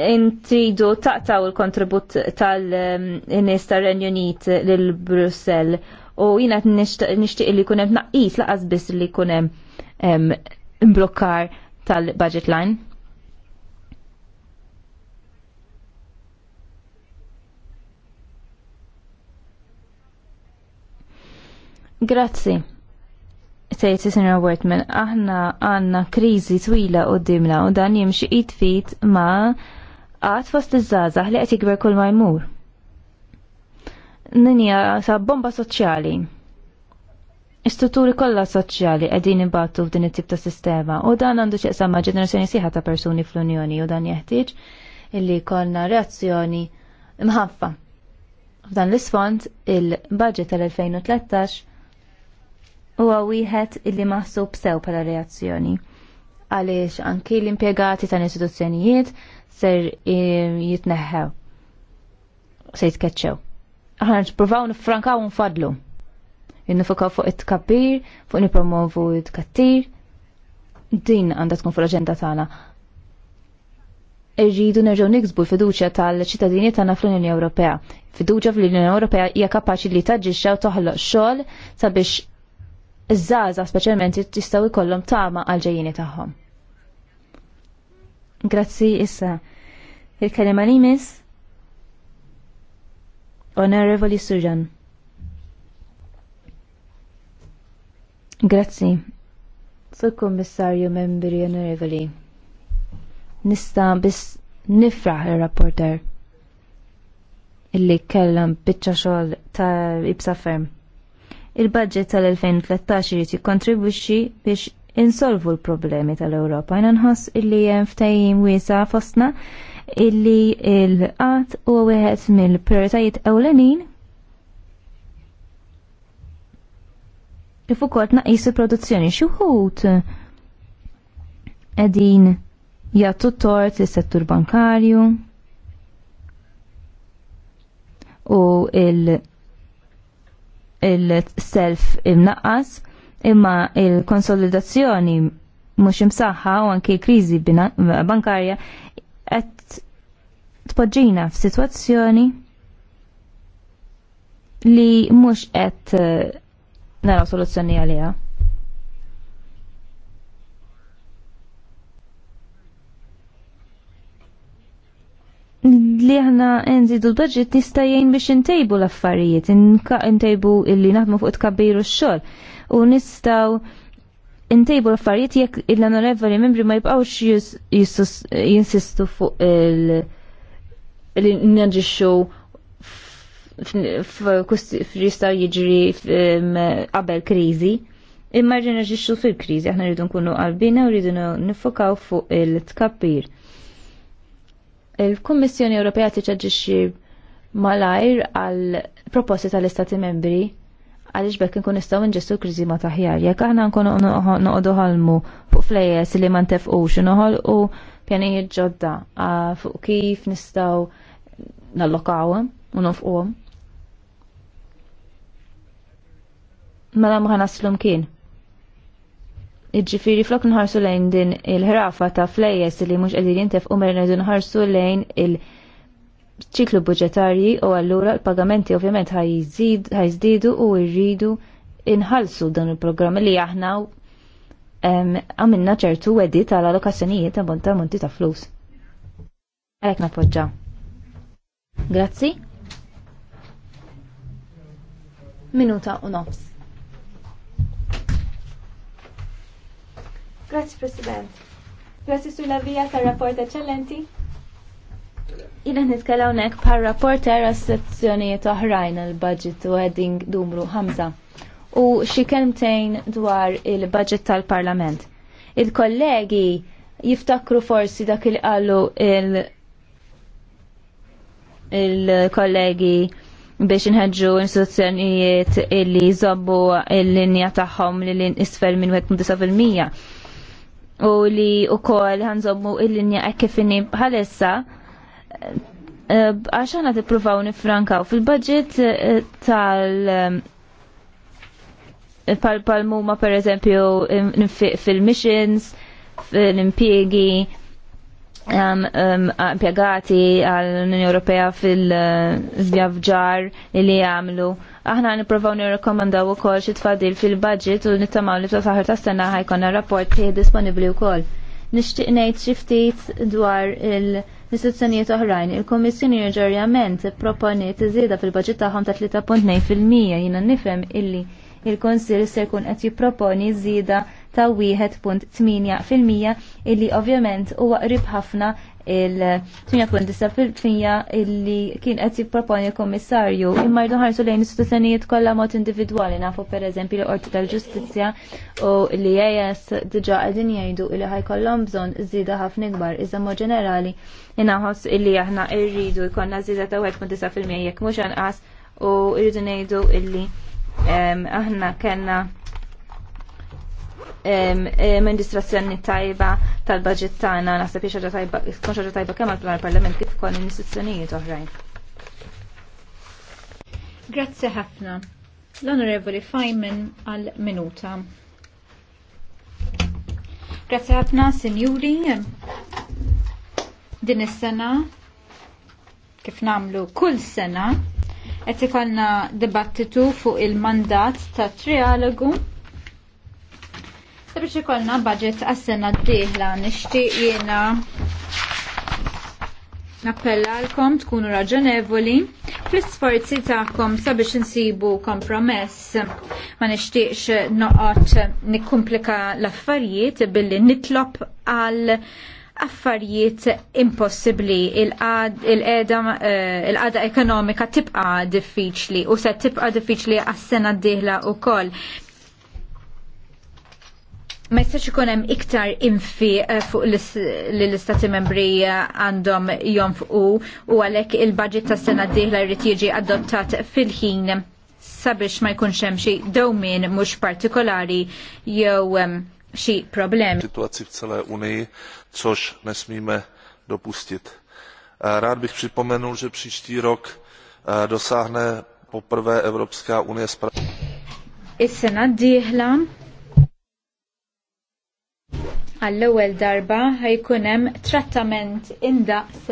intridu taqtaw il-kontribut tal-nis um, tal-Renju Unit l-Brussel u jina nishtiq li kunem naqis laqas bis li kunem um, blokkar tal-budget line. Grazie. Sejt Sinra Wortman, aħna għanna krizi twila u dimna u dan jimxi id-fit ma għat fost iż-żazah li għet jikber kull majmur. jmur. Ninja sa bomba soċjali. Istutturi kollha soċjali qegħdin ibattu f'din it-tip ta' sistema u dan għandu xieqsam ma' ġenerazzjoni sieħa ta' persuni fl-Unjoni u dan jeħtieġ illi konna reazzjoni mħaffa. F'dan l-isfond il-budget tal-2013 huwa wieħed illi maħsub sew bħala reazzjoni. Għaliex anki l-impjegati ta' istituzzjonijiet ser eh, jitneħħew. Se jitkeċċew. Aħna nippruvaw nifrankaw nfadlu. Nifukaw fuq it-kabbir, fuq nipromovu it-kattir. Din għandha tkun fuq l-aġenda tagħna. Irridu nerġgħu niksbu l-fiduċja tal-ċittadini tagħna fl-Unjoni Ewropea. Fiduċja fl-Unjoni Ewropea hija kapaċi li taġġixxa u toħloq xogħol sabiex iż-żaza speċjalment jistgħu jkollhom tama għal ġejjini tagħhom. Grazzi issa. Il-kelima li miss Onorevoli Sujan. Grazzi. Sur Kommissarju Membri Onorevoli. Nista biss nifraħ ir-rapporter illi kellam bitċa xogħol ta' ibsa ferm. Il-budget tal-2013 jrid jikkontribwixxi biex insolvu l-problemi tal-Ewropa. Jna nħoss illi jem ftajim wisa fosna illi il-qat huwa wieħed mill-prioritajiet ewlenin kif ukoll tnaqqis il-produzzjoni xi wħud qegħdin jagħtu tort is-settur bankarju u il- il-self imnaqqas imma il-konsolidazzjoni mhux imsaħħa u anke kriżi bankarja qed tpoġġina f'sitwazzjoni li mhux qed eh, naraw soluzzjoni għaliha. li ħna nżidu l-budget nista' jgħin biex intejbu l-affarijiet, intejbu illi naħdmu fuq tkabbiru x-xogħol u nistgħu intejbu l-affarijiet jekk il-onorevoli membri ma jibqgħux jinsistu fuq il- li nġixxu f'ristaw jiġri qabel kriżi. Imma rġina ġixxu fil-kriżi, aħna rridu nkunu qalbina u rridu nifokaw fuq il-tkabbir il-Kummissjoni Ewropea tiċaġġixxi malajr għal proposti tal-Istati membri għaliex bekk nkun nistgħu nġessu kriżi ma taħjar. Jekk aħna nkunu noqogħdu ħalmu fuq flejes li ma ntefqux noħolqu pjanijiet ġodda fuq kif nistgħu nallokawhom u nofquhom. Mela ma ħanaslhom kien. Iġifiri flok nħarsu lejn din il-ħrafa ta' flejjes li mux għedin jintef u mernedu nħarsu lejn il-ċiklu budġetarji u għallura l-pagamenti ovvjament ħajżdidu u irridu inħalsu dan il program li aħna għamilna ċertu għeddi tal-allokazzjonijiet ta' monta monti ta' flus. Għalek napoġġa. Grazzi. Minuta u nofs. Grazie President. Grazie sulla via tal rapport eccellenti. Jina nitkellem hawnhekk par rapport għas sezzjonijiet oħrajn il-budget u heading numru 5 u xi dwar il-budget tal-Parlament. Il-kollegi jiftakru forsi dak il qalu il- il-kollegi biex nħedġu istituzzjonijiet illi jżobbu l-linja tagħhom li l-isfel minn 1.9 u li u kol għanżommu il-linja ekkifini bħalissa eh, għaxan għati provaw nifrankaw fil-budget eh, tal- eh, pal-palmuma per eżempju fil-missions, fil-impiegi, Ehm, impjegati għall-Unjoni Ewropea fil żjavġar li jagħmlu. Aħna nipprovaw nirrekomandaw ukoll xi tfadil fil-budget u nittamaw li fl saħar ta' sena ħajkonna rapport li disponibbli wkoll. Nixtieq ngħid xi ftit dwar il-istituzzjonijiet oħrajn. Il-Kummissjoni Reġorjament proponiet iżieda fil-budget tagħhom ta' 3.2 fil-mija jiena nifhem illi il-Konsil se jkun qed jipproponi żieda ta' 1.8% illi ovvjament huwa qrib ħafna il-8.9% illi kien qed jipproponi l-Kummissarju imma jdu ħarsu lejn istituzzjonijiet kollha mod individwali nafu pereżempju l qorti tal-Ġustizzja u li EAS diġà qegħdin jgħidu li ħajkollhom bżonn żieda ħafna ikbar iżda mod ġenerali inaħos illi aħna rridu jkollna żieda ta' 1.9% jekk mhux anqas u rridu ngħidu illi aħna kellna amministrazzjoni tajba tal-budget tagħna naħseb hi xaġa tajba tkun xaġa tajba kemm għall parlament kif ukoll istituzzjonijiet oħrajn. Grazzi ħafna. L-Onorevoli Feynman għal minuta. Grazzi ħafna, Sinjuri. Din is-sena kif namlu kull sena qed ikollna dibattitu fuq il-mandat ta' trialogu sabiex ikollna budget għas-sena d-dieħla nixtieq jiena nappellalkom tkunu raġonevoli fl-isforzi tagħkom sabiex insibu kompromess. Ma nixtieqx noqgħod nikkumplika l-affarijiet billi nitlob għal affarijiet impossibbli eh, il-qada ekonomika tibqa diffiċli u se tibqa diffiċli għas-sena d-dieħla wkoll ma jistax ikun hemm iktar infi eh, fuq li l-istati membri eh, għandhom jonfqu u għalhekk il-budget tas sena d-dieħla jrid jiġi adottat fil-ħin sabiex ma jkunx hemm xi dewmien mhux partikolari jew eh, xi problemi. Sytuacji f'sala unej sox nesmime nesmíme dopustit. Rád bych připomenul, že příští rok dosáhne poprvé Evropská unie spravedlnosti. Is-sena d-dieħla Għall-ewwel darba ħajkun hemm trattament indaqs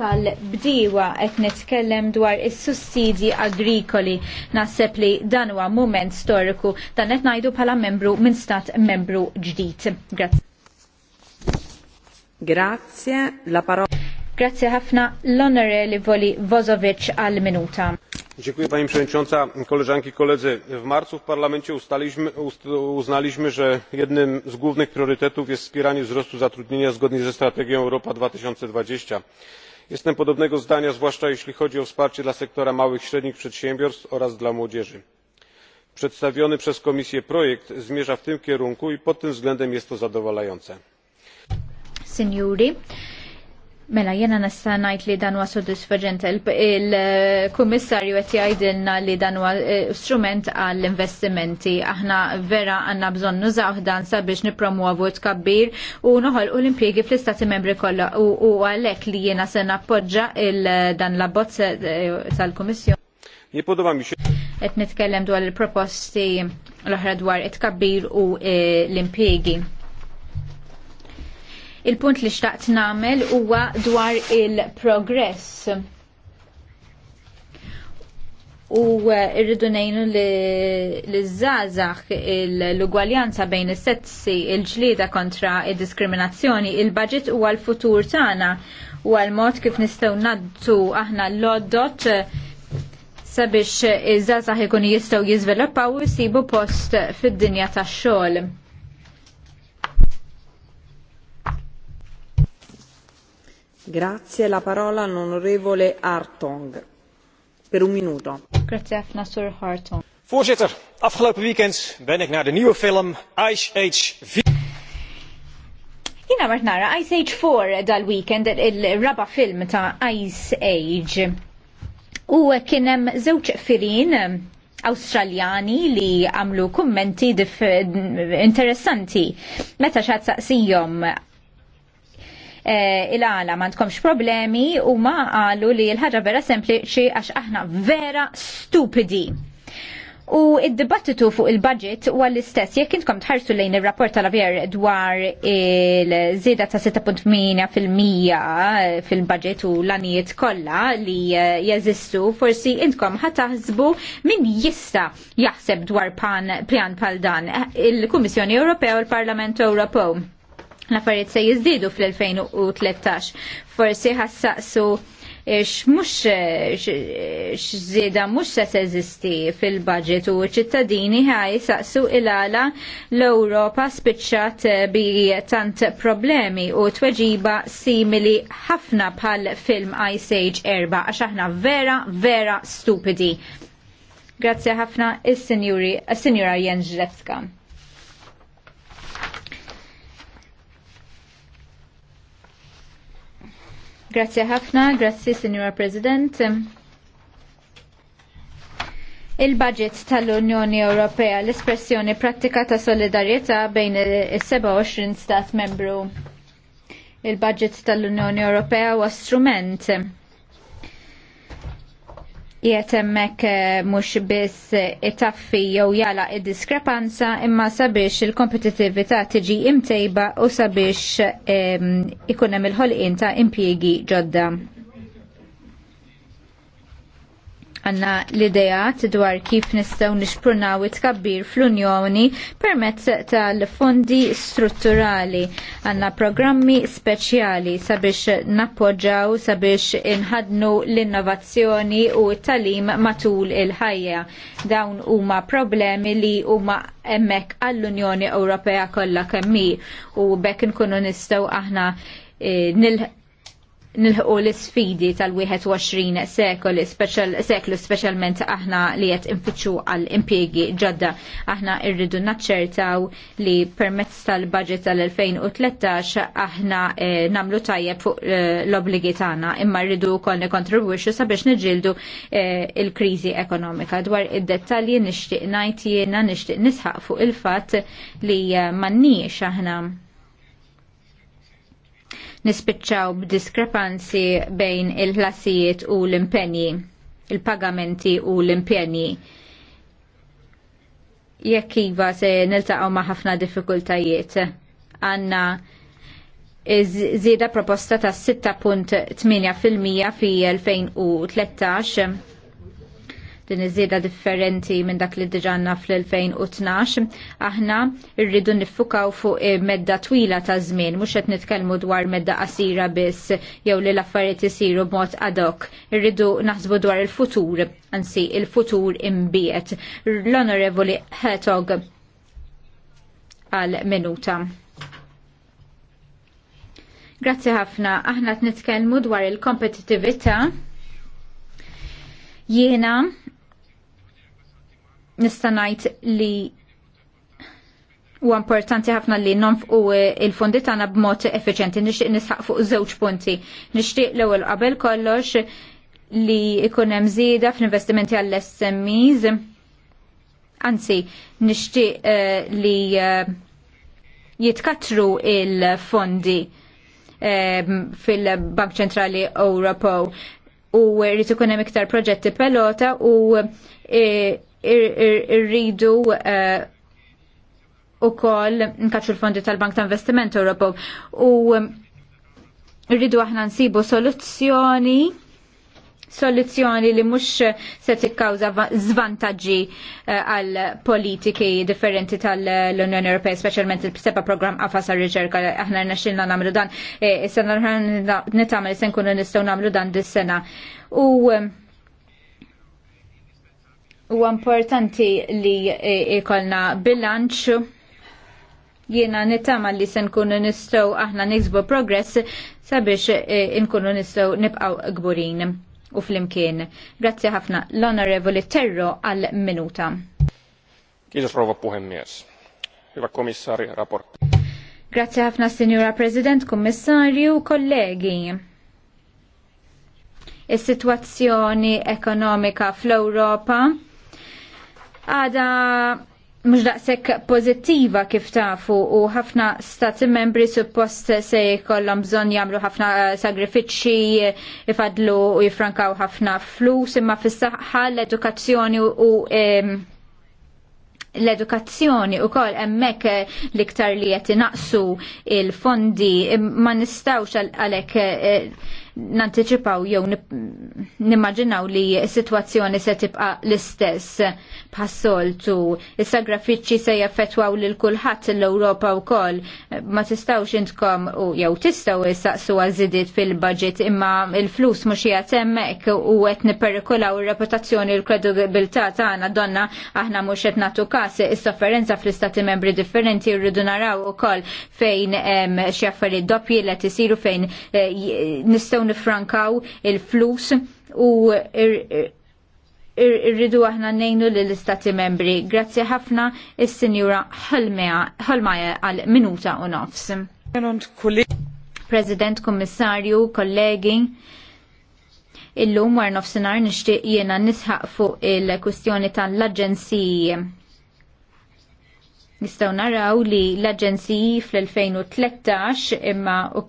tal-bdiewa qed nitkellem dwar is-sussidji agrikoli. Naħseb li dan huwa mument storiku dan qed ngħidu bħala membru minn stat membru ġdid. Grazzi. Grazie, la parola. Grazie ħafna l-onorevoli Vozovic għal-minuta pani przewodnicząca! koleżanki i koledzy! w marcu w parlamencie uznaliśmy że jednym z głównych priorytetów jest wspieranie wzrostu zatrudnienia zgodnie ze strategią europa. dwa tysiące dwadzieścia jestem podobnego zdania zwłaszcza jeśli chodzi o wsparcie dla sektora małych i średnich przedsiębiorstw oraz dla młodzieży. przedstawiony przez komisję projekt zmierza w tym kierunku i pod tym względem jest to zadowalające. Mela, jena nista najt li dan huwa soddisfaġenti. Il-kummissarju qed jgħidilna li dan huwa eh, strument għall investimenti Aħna vera għandna bżonn nużaw dan sabiex nippromuovu tkabbir u noħol u l impiegi fl-istati membri kollha u għalhekk li jiena se nappoġġa dan la bozz eh, tal kumissjon Jipodoba Et nitkellem dwar il-proposti l-oħra dwar it-kabbir u eh, l impiegi Il-punt li xtaqt namel huwa dwar il-progress. U eh, rridu ngħinu li żgħażagħ l-ugwaljanza bejn is-sessi, il-ġlieda kontra id-diskriminazzjoni, il-baġit huwa l-futur tagħna u għal-mod kif nistgħu naddu aħna l-oddot eh, sabiex iż-żgħażagħ ikunu jistgħu jiżviluppaw u jsibu post fid-dinja tax-xogħol. Grazie, la parola all'onorevole Hartong. Per un minuto. Grazie, Nasser Hartong. Voorzitter, afgelopen weekend ben ik naar de nieuwe film Ice Age 4. Jina mart nara Ice Age 4 dal-weekend, il-raba film ta' Ice Age. U kienem zewċ firin um, Australjani li għamlu kummenti interessanti. Meta xatsaqsijom Eh, il-għala mandkomx problemi u ma għalu li l-ħagġa vera sempliċi għax aħna vera stupidi. U id-dibattitu fuq il-budget huwa l-istess jekk intkom tħarsu lejn ir-rapport tal-avjer dwar il-żieda ta' 6.8% eh, fil-budget u l-anijiet kollha li eh, jeżistu, forsi intkom ħataħsbu min jista jaħseb dwar pan pjan pal dan il-Kummissjoni Ewropew u l-Parlament Ewropew l-affarijiet se jizdidu fl-2013. Forsi ħassaqsu eh, x'mhux eh, x'żieda mhux se teżisti fil-budget u ċittadini ħaj saqsu il-għala l-Ewropa spiċċat eh, bi tant problemi u tweġiba simili ħafna bħal film Ice Age 4 għax aħna vera vera stupidi. Grazzi ħafna is Jens Jenżlewska. Grazzi ħafna, grazie Signora President. Il-budget tal-Unjoni Ewropea l-espressjoni pratika ta' solidarjetà bejn is-27 stat membru. Il-budget tal-Unjoni Ewropea huwa strument qiegħed hemmhekk eh, mhux biss itaffi jew jala id-diskrepanza imma sabiex il kompetitività tiġi imtejba u sabiex ehm, ikun hemm il-ħolqien ta' impjiegi ġodda. Għanna l-idejat dwar kif nistaw nixprunaw it-kabbir fl-Unjoni permezz tal-fondi strutturali. Għanna programmi speċjali sabiex nappoġġaw sabiex inħadnu l-innovazzjoni u t-talim matul il-ħajja. Dawn huma problemi li huma emmek għall-Unjoni Ewropea kollha kemmi u bekk nkunu nistgħu aħna e, nil nilħu l-sfidi tal-21 sekol, special, seklu specialment aħna li jett infittxu għal-impiegi ġodda. Aħna irridu naċċertaw li permezz tal-budget tal-2013 aħna eh, namlu tajjeb fuq eh, l-obligi tagħna imma rridu wkoll nikontribwixxu sabiex niġildu eh, il-kriżi ekonomika. Dwar id-dettalji nixtieq ngħid jiena nixtieq nisħaq fuq il-fatt li eh, m'għandniex aħna nispiċċaw b'diskrepanzi bejn il-ħlasijiet u l-impenji, il-pagamenti u l-impenji. Jekk iva se niltaqgħu ma' ħafna diffikultajiet. Għanna żieda proposta ta' 6.8% fi 2013 din iż-żieda differenti minn dak li diġanna fl-2012. Aħna rridu nifukaw fuq eh, medda twila ta' żmien, mhux qed nitkellmu dwar medda qasira biss jew li l-affarijiet isiru b'mod ad hoc. Irridu naħsbu dwar il-futur, anzi il-futur imbiet. L-Onorevoli Hetog għal minuta. Grazzi ħafna, aħna t-nitkelmu dwar il-kompetitivita. Jiena, nista' ngħid li u importanti ħafna li nonfqu eh, il-fondi tagħna b'mod effiċenti. Nixtieq nisħaq fuq żewġ punti. Nixtieq l-ewwel qabel kollox li ikun hemm żieda f'investimenti għall-SMEs. Anzi, nixtieq uh, li uh, jitkatru il-fondi fil-Bank Ċentrali Europo u rritu ikun hemm iktar proġetti pelota u irridu eh, u koll nkaċu l-fondi tal-Bank ta' Investiment Europew u um, rridu aħna nsibu soluzzjoni soluzzjoni li mhux se tikkawża żvantaġġi eh, għal politiki differenti tal-Unjoni Ewropea, speċjalment il-seba programm għafas għal riċerka aħna rnexxilna nagħmlu dan, eh, is-sena nitagħmel se nkunu nistgħu nagħmlu dan dis-sena. U um, U importanti li e, ikolna bilanċ jiena nittama li se nkunu nistgħu aħna nixbu progress sabiex inkunu e, nistgħu nibqgħu gburin u flimkien. Grazzi ħafna l-Onorevoli Terro għal minuta. Kiġus rova puhemies. Iva komissari rapport. Grazzi ħafna Signora President, Kommissarju, kollegi. Is-sitwazzjoni ekonomika fl-Ewropa għada mux daqsek pozittiva kif tafu u ħafna stati membri suppost se kollom bżon jamlu ħafna eh, sagrifiċi ifadlu u jifrankaw ħafna flus imma fis-saħħa l-edukazzjoni u l-edukazzjoni u kol emmek liktar li jeti naqsu il-fondi ma nistawx għalek eh, nanticipaw jew nimmaġinaw li situazzjoni se tibqa l-istess passoltu. Issa graffiċi se jaffetwaw lil kulħadd l-Ewropa wkoll. Ma tistgħux intkom u jew tistgħu issaqsu għazidit fil-budget imma il-flus mhux qiegħed hemmhekk u qed nipperikolaw ir-reputazzjoni l-kredibilità tagħna donna aħna mhux qed natu każ is-sofferenza fl-istati membri differenti rridu naraw ukoll fejn xi affarijiet doppji li qed isiru fejn eh, nistgħu nifrankaw il-flus u irridu aħna nejnu lill istati membri. Grazzi ħafna il sinjura Holmaja għal minuta u nofs. President, Kommissarju, kollegi, illum war nofsinhar nixtieq jiena nisħaq fuq il-kwistjoni tal-aġenziji. Nistgħu naraw li l-aġenziji fl-2013 imma u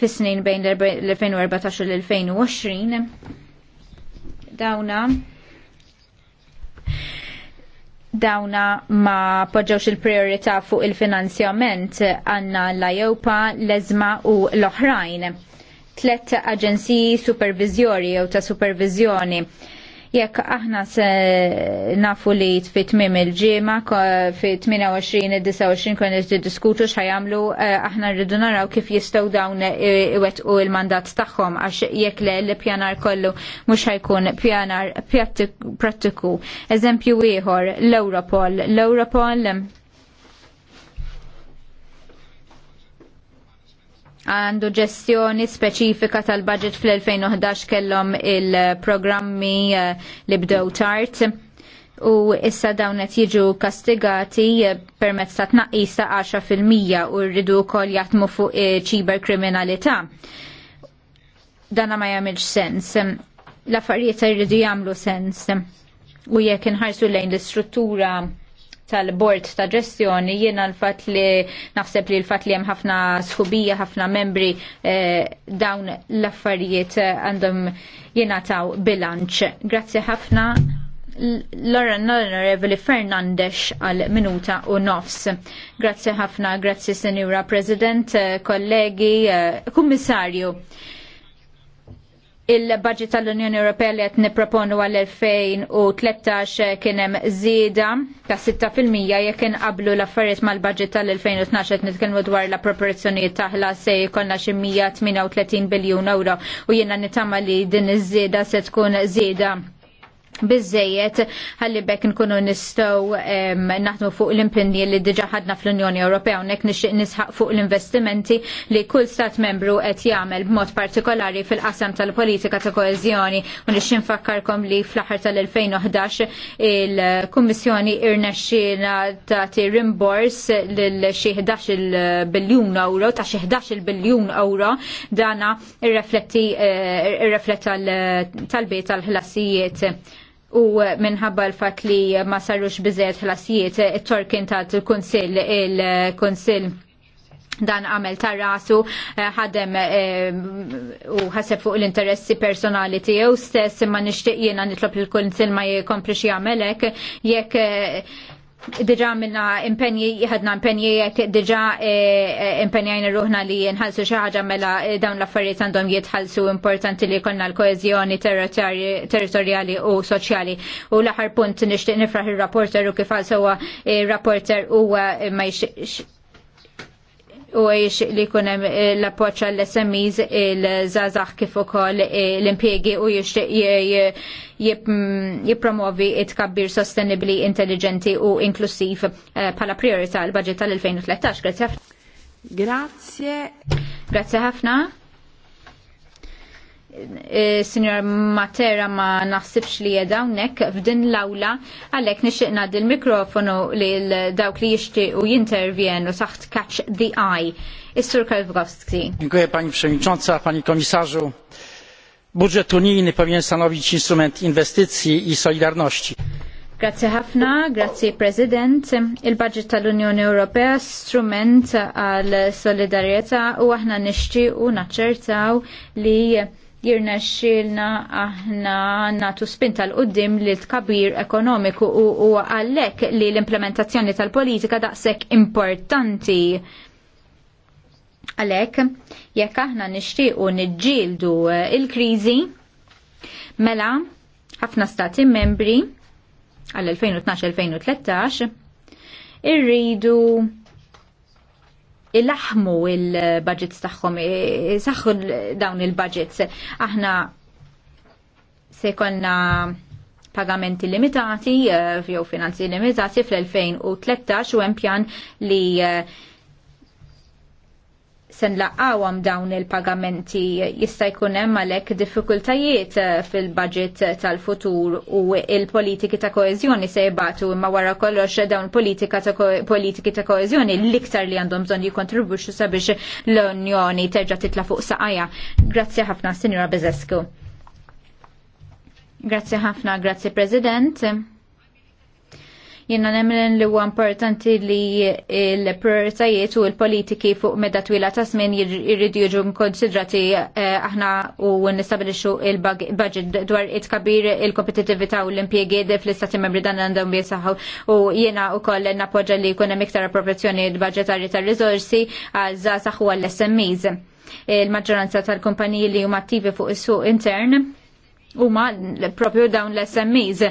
fis-snin bejn l-2014 u l-2020 dawna dawna ma poġġewx il-priorità fuq il-finanzjament għanna l-Ajopa, l-Ezma u l-oħrajn. Tlet aġenziji supervizjori jew ta' supervizjoni jekk aħna se nafu li fit-tmim il-ġima fit-28-29 kon diskutu xħajamlu eh, aħna rridu naraw kif jistaw dawn iwet u il-mandat taħħom għax jekk le l-pjanar kollu mux ħajkun pjanar prattiku eżempju ieħor l-Europol l-Europol għandu ġestjoni speċifika tal-budget fl-2011 kellhom il-programmi eh, li bdew tard u issa dawn qed jiġu kastigati eh, permezz ta' tnaqqis ta' 10% u rridu wkoll jaħdmu fuq eh, ċiber kriminalità. Dana ma jagħmilx sens. L-affarijiet jridu jagħmlu sens u jekk inħarsu lejn l-istruttura tal-bord ta' ġestjoni jiena l-fat li naħseb li l-fat li hemm ħafna sħubija, ħafna membri eh, dawn l-affarijiet eh, għandhom jiena taw bilanċ. Grazzi ħafna Lauren Honorable Fernandez għal minuta u nofs. Grazzi ħafna, grazzi Senjura President, eh, kollegi, eh, kummissarju il-budget tal-Unjoni Ewropea li qed nipproponu għal-2013 kien hemm żieda ta' 6% jekk inqablu l-affarijiet mal-budget tal-2012 qed nitkellmu dwar l-appropriazzjonijiet ta' se jkollna xi 138 biljun euro u jiena nitama li din iż-żieda se tkun żieda bizzejiet għalli bekk nkunu nistgħu naħdmu fuq l-impinni li diġa ħadna fl-Unjoni Ewropea unnek nixtieq nisħaq fuq l-investimenti li kull stat membru qed jagħmel b'mod partikolari fil-qasam tal-politika ta' koeżjoni u nixtieq nfakkarkom li fl-aħħar tal-2011 il-Kummissjoni irnexxina tagħti rimbors lil xi 11 biljun euro ta' xi 11 biljun euro dana irrefletti eh, irrefletta tal-bejt tal-ħlasijiet U minħabba l-fat li ma sarrux bizet ħlasijiet, it-torkin ta' il-konsil, il-konsil dan għamel ta' rasu eh, ħadem eh, u ħaseb fuq l-interessi personali tiegħu stess imma nixtieq jiena nitlob il-kunsil ma jagħmel hekk. jekk eh, Diġa minna impenji, jħadna impenji, diġa eh, eh, impenjajna ruħna li nħalsu xaħġa mela eh, dawn l-affarijiet għandhom jitħalsu importanti li konna l-koezjoni territoriali u soċjali. U l-aħar punt nishtiq nifraħ il-rapporter u kif sewa il-rapporter u ma u għiex li kunem eh, l appoċa għall-SMEs il zazax kif ukoll eh, l impiegi u għiex mm, jipromovi it-kabbir sostenibli, intelligenti u inklusiv pala eh, priorità l-budget tal-2013. Grazie. Grazie. Grazie ħafna. Eh, Signor Matera ma naħsibx li jeda unnek f'din l-awla għalek nixiqna dil mikrofonu li dawk li jishti u jintervjenu saħt catch the eye. Is-Sur Kalfgowski. Dziękuję Pani Przewodnicząca, Pani Komisarzu. Budżet unijny powinien stanowić instrument inwestycji i solidarności. Grazie ħafna, grazie President. Il-budget tal-Unjoni Ewropea strument għal solidarieta u aħna nixti u naċċertaw li jirna xilna aħna natu spinta l-qoddim li l-kabir ekonomiku u għallek li l-implementazzjoni tal-politika daqsek importanti. Għalek, jekk aħna nixtiequ niġġieldu eh, il-kriżi, mela ħafna stati membri għall-2012-2013 irridu il-laħmu il-budgets tagħhom, saħħu dawn il-budgets. Aħna se konna pagamenti limitati, eh, jew finanzi limitati fl-2013 u hemm pjan li eh, sen laqawam dawn il-pagamenti jista' jkun hemm għalhekk diffikultajiet eh, fil-budget tal-futur u il-politiki ta' koeżjoni se jibatu imma wara kollox dawn politika ta' politiki ta' koeżjoni l-iktar li għandhom bżonn jikontribwixxu sabiex l-Unjoni terġa' titla' fuq saqajja. Grazzi ħafna, Sinjora Bezesku. Grazzi ħafna, grazzi President jenna nemmen li huwa importanti li l-prioritajiet u l-politiki fuq medda twila ta' żmien jirridu jiġu konsidrati eh, aħna u nistabilixxu il-budget dwar it-kabir il-kompetitività u l-impjegi fl-istati membri dan għandhom jisaħħu u jiena wkoll nappoġġa li jkun hemm iktar appropriazzjoni budġetarji tar-riżorsi għal żgħażagħ għall-SMEs. Il-maġġoranza tal-kumpaniji li huma attivi fuq is-suq intern huma propju dawn l-SMEs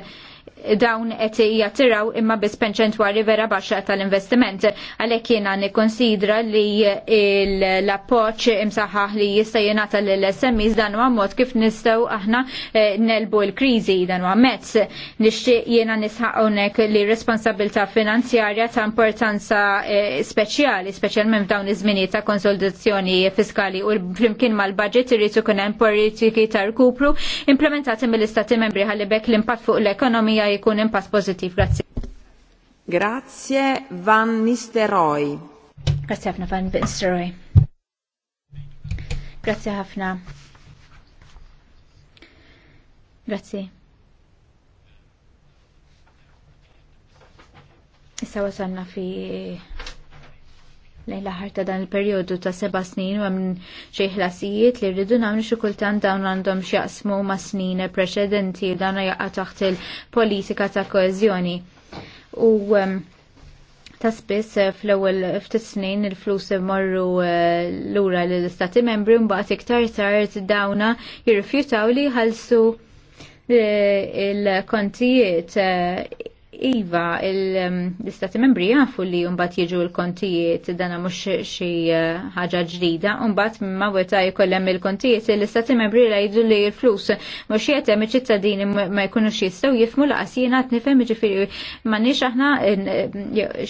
dawn qed jattiraw imma biss penċentwari vera baxa tal-investiment. Għalhekk jiena nikkonsidra li l-appoġġ imsaħħaħ li jista' jingħata lill smis dan huwa mod kif nistgħu aħna eh, nelbu l-kriżi dan huwa mezz. Nixtieq jiena nisħaq hawnhekk li responsabilità finanzjarja ta' importanza eh, speċjali, speċjalment f'dawn iż-żmini ta' konsolidazzjoni fiskali u flimkien mal-budget irid ikun hemm politiki ta' rkupru implementati mill-Istati Membri ħalli bekk l-impatt fuq l-ekonomija jista' jkun impatt pożittiv. Grazzi. Grazie Van Nisteroj. Grazie ħafna Van Nisteroj. Grazie ħafna. Grazie. Issa wasalna fi lejn l-aħħar ta' dan il-perjodu ta' seba' snin u hemm xi ħlasijiet li rridu nagħmlu xi kultant dawn għandhom x'jaqsmu ma' snin preċedenti u dan jaqa' taħt il-politika ta' koeżjoni. U ta' spiss eh, fl-ewwel ftit snin il-flus morru eh, lura lill-istati membri mbagħad iktar tard dawna jirrifjutaw li jħallsu eh, il-kontijiet Iva, um, l-istati membri jafu li jumbat jiġu l-kontijiet dana mux xi uh, ħaġa ġdida, umbat ma weta jikollem il-kontijiet l-istati membri la jidu li l-flus mux jietem iċittadini ma jkunux staw jifmu laqas jena t-nifem ġifiri ma nix aħna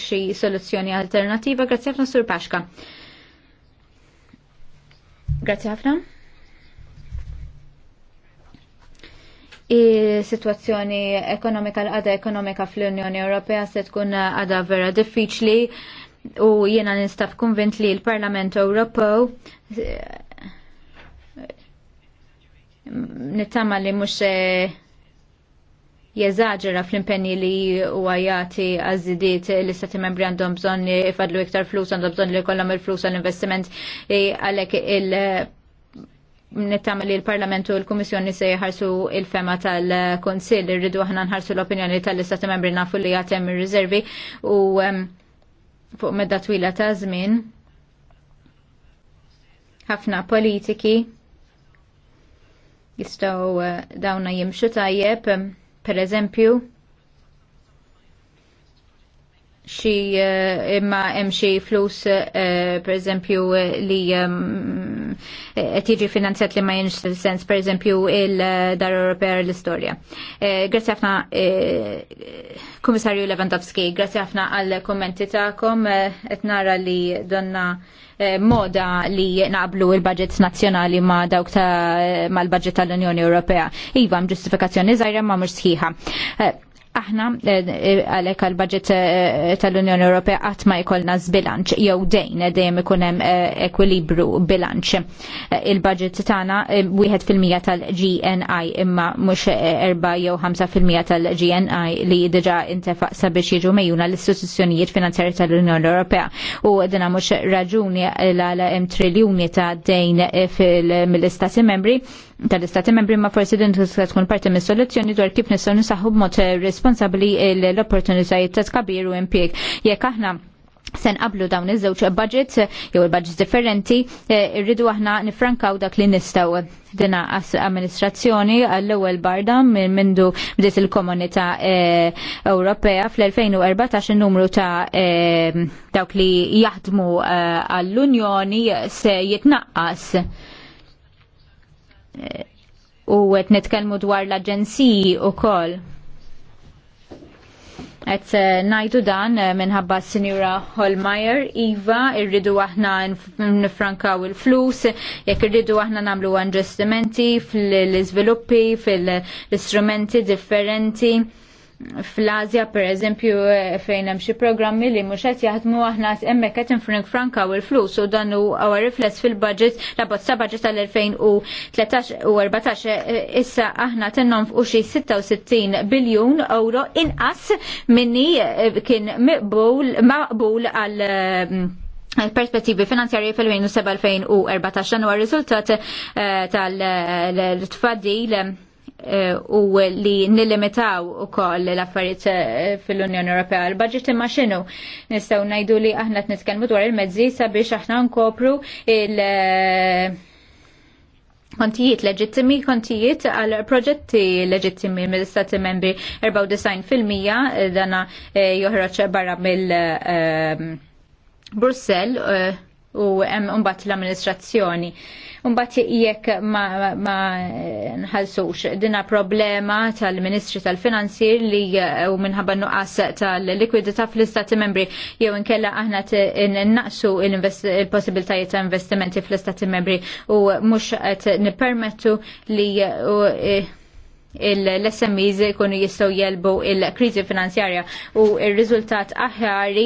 xi soluzzjoni alternativa, grazie ħafna sur Paxka. Grazie ħafna. Is-sitwazzjoni ekonomika l għada ekonomika fl-Unjoni Ewropea se tkun għada vera diffiċli u jiena nistaf konvint li l-Parlament Ewropew eh, nittama li mhux jeżaġera fl-impenni li huwa jagħti għażidiet li stati membri għandhom bżonn ifadlu iktar flus għandhom bżonn li kollam il-flus għall-investiment eh, għalhekk il nittam li l-Parlamentu u l-Komissjoni se jħarsu il-fema tal-Konsil, irridu aħna nħarsu l-opinjoni tal-Istati membri nafu li jgħatem riservi u fuq medda twila ta' żmien ħafna politiki jistgħu eh, dawna jimxu tajjeb, per eżempju, xi eh, imma hemm xi flus eh, pereżempju li ehm, qed jiġi finanzjat li ma jinx sens pereżempju il-Dar Ewropea l-istorja. Eh, grazzi ħafna Kummissarju Lewandowski, grazzi ħafna għall kummenti tagħkom qed nara li donna moda li naqblu il-budget nazzjonali ma dawk ta' mal-budget tal-Unjoni Ewropea. Iva, mġustifikazzjoni zaħira ma mux sħiħa aħna eh, eh, għalhekk għall-budget eh, tal-Unjoni Ewropea qatt ma jkollna żbilanċ jew dejn dejjem ikun hemm ekwilibru bilanċ. Il-budget tagħna wieħed fil-mija tal-GNI imma mhux erba' jew 5% tal-GNI li diġà intefaq sabiex jiġu mejjuna l-istituzzjonijiet finanzjarji tal-Unjoni Ewropea u dina mhux raġuni l-għala hemm triljuni ta' dejn fil istati membri tal-istati membri ma forsi din tkun parti mis soluzzjoni dwar kif nistgħu nisaħħu b'mod eh, responsabbli eh, l-opportunitajiet ta' tkabbir u impjieg. Jekk aħna se nqablu dawn iż-żewġ budgets eh, jew il-budgets differenti, irridu aħna nifrankaw dak li nistgħu dina amministrazzjoni għall-ewwel barda minn mindu bdiet il-Komunità Ewropea fl-2014 in-numru ta' dawk li jaħdmu għall-Unjoni se jitnaqqas u għet nitkelmu dwar l-aġenziji u kol. Għet eh, najdu dan eh, minħabba Sinjura Holmeyer, Iva, irridu aħna nifrankaw il-flus, jekk irridu aħna namlu għanġestimenti fil-izviluppi, fil-istrumenti differenti fl-Azja per eżempju eh, fejn hemm xi programmi li mhux qed jaħdmu aħna hemmhekk qed infrink franka u l-flus u dan huwa rifless fil-budget la bozza budget tal-2013 u 14 eh, issa aħna tinnhom fuq xi 66 biljun euro inqas minni eh, kien miqbul maqbul għal perspettivi finanzjarji fil-2007-2014 dan huwa r-riżultat tal-tfaddil Eh, u li u ukoll l-affarijiet eh, fil-Unjoni Ewropea. Il-budget imma x'inhu nistgħu ngħidu li aħna t-nitkelmu dwar il-mezzi sabiex aħna nkopru il- eh, kontijiet leġittimi, kontijiet għal proġetti leġittimi mill-Stati membri 94% dana joħroġ barra mill-Brussel. Uh, u mbagħad l-amministrazzjoni. Mbagħad jekk ma, ma nħallsux dina problema tal-Ministri tal-Finanzi li eh, u minħabba nuqqas tal-likwidità fl-Istati Membri jew inkella aħna naqsu il-possibilitajiet ta' investimenti fl-Istati Membri u mhux qed nippermettu li eh, eh, l-SMEs ikunu jistgħu jelbu il-kriżi finanzjarja u r-riżultat aħjari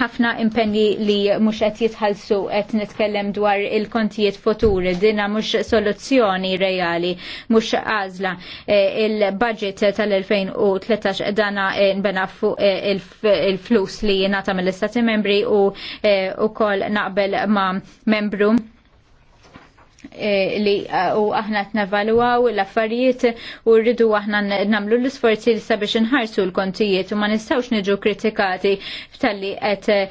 ħafna impenni li mhux qed jitħallsu qed nitkellem dwar il-kontijiet futuri dina mhux soluzzjoni reali mhux għażla e, il-budget tal-2013 dana e, nbena fuq e, il-flus li jingħata mill-Istati membri u wkoll naqbel ma' membru Eh, li eh, u aħna t nevaluaw l-affarijiet u rridu aħna namlu l-sforzi li sabiex nħarsu l-kontijiet u ma nistawx niġu kritikati f'talli għet eh,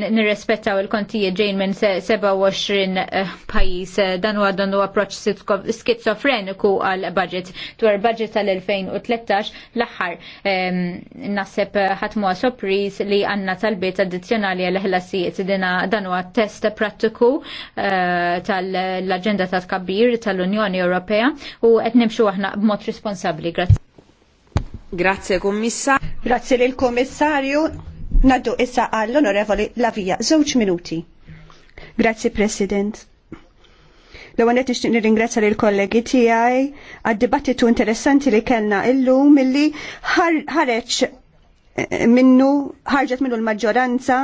nirrespettaw l-kontijiet ġejn minn 27 pajis dan u għaddan u approċ skizofreniku għal-budget dwar budget tal-2013 l-axar nasib ħatmu sopris li għanna tal-bit addizjonali għal-ħlasijiet dan u għat test pratiku tal l-agenda ta' tkabbir tal-Unjoni Ewropea u qed nimxu aħna b'mod responsabbli. Grazzi. Grazie kummissar. Grazie lil kummissarju Naddu issa għall-onorevoli Lavija, żewġ minuti. Grazie President. L-għan nishtiq nir-ingrazza l-kollegi tijaj għad-dibattitu interessanti li kellna illum milli ħareċ eh, minnu, ħarġet minnu l-maġġoranza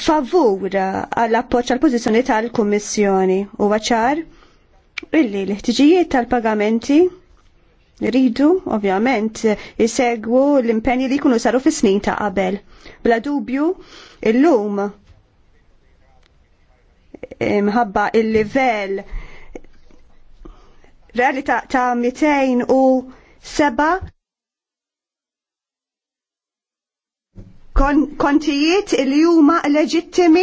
favur għall appoġġ għal pożizzjoni tal-Kummissjoni u ċar illi l-ħtiġijiet tal-pagamenti rridu ovvjament isegwu l impenni li jkunu saru fis-snin ta' qabel. Bla dubju, illum mħabba il-livell reali ta' 207 kontijiet li huma leġittimi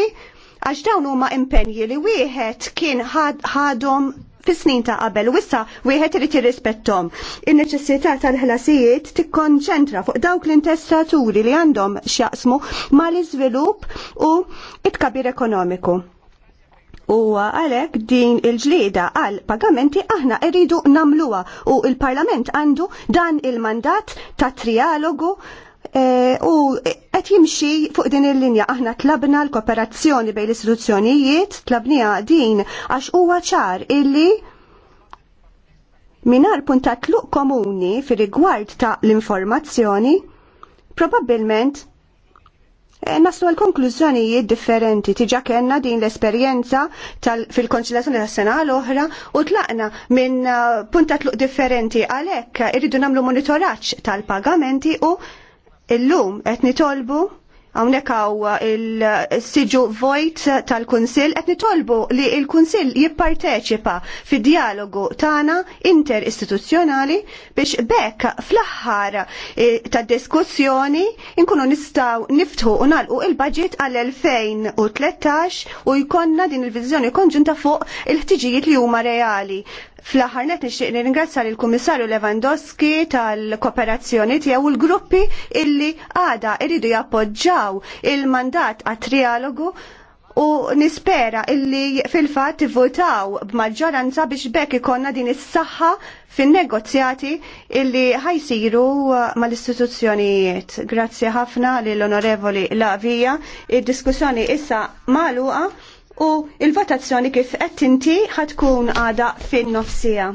għax dawn huma impenji li wieħed kien ħadhom fis snin ta' qabel u issa wieħed irid jirrispettom. In-neċessità tal-ħlasijiet tikkonċentra fuq dawk l-intestaturi li għandhom x'jaqsmu mal-iżvilupp u it-kabir ekonomiku. U għalek din il-ġlieda għal pagamenti aħna eridu namluwa u il-Parlament għandu dan il-mandat ta' trialogu Eh, u qed jimxi fuq din il-linja aħna tlabna l-kooperazzjoni bejn l-istituzzjonijiet, tlabnija din għax huwa ċar illi minar punta tluq komuni fi rigward ta' l-informazzjoni, probabbilment eh, Naslu għal konklużjonijiet differenti tiġa kena din l-esperjenza fil-konċilazzjoni tas sena l-oħra u tlaqna minn eh, punta tluq differenti għalhekk irridu nagħmlu monitoraġġ tal-pagamenti u Illum qed nitolbu hawnhekk hawn il-siġu vojt tal-Kunsill qed nitolbu li l-Kunsill jipparteċipa fid-dialogu tagħna interistituzzjonali biex bekk fl-aħħar eh, tad-diskussjoni inkunu nistgħu niftħu u nagħlqu il-budget għal-2013 u jkollna din il-viżjoni konġunta fuq il-ħtiġijiet li huma reali Fl-aħħar net nixtieq nirringrazzja lill kummissarju Lewandowski tal-kooperazzjoni tiegħu u l-gruppi illi għada iridu jappoġġaw il-mandat għat trialogu u nispera illi fil-fatt votaw b'maġġoranza biex bekk ikonna din is-saħħa fin-negozjati illi ħajsiru mal-istituzzjonijiet. Grazzi ħafna lill-Onorevoli Lavija. Id-diskussjoni issa magħluqa u il-votazzjoni kif qed inti ħatkun għada fin-nofsija.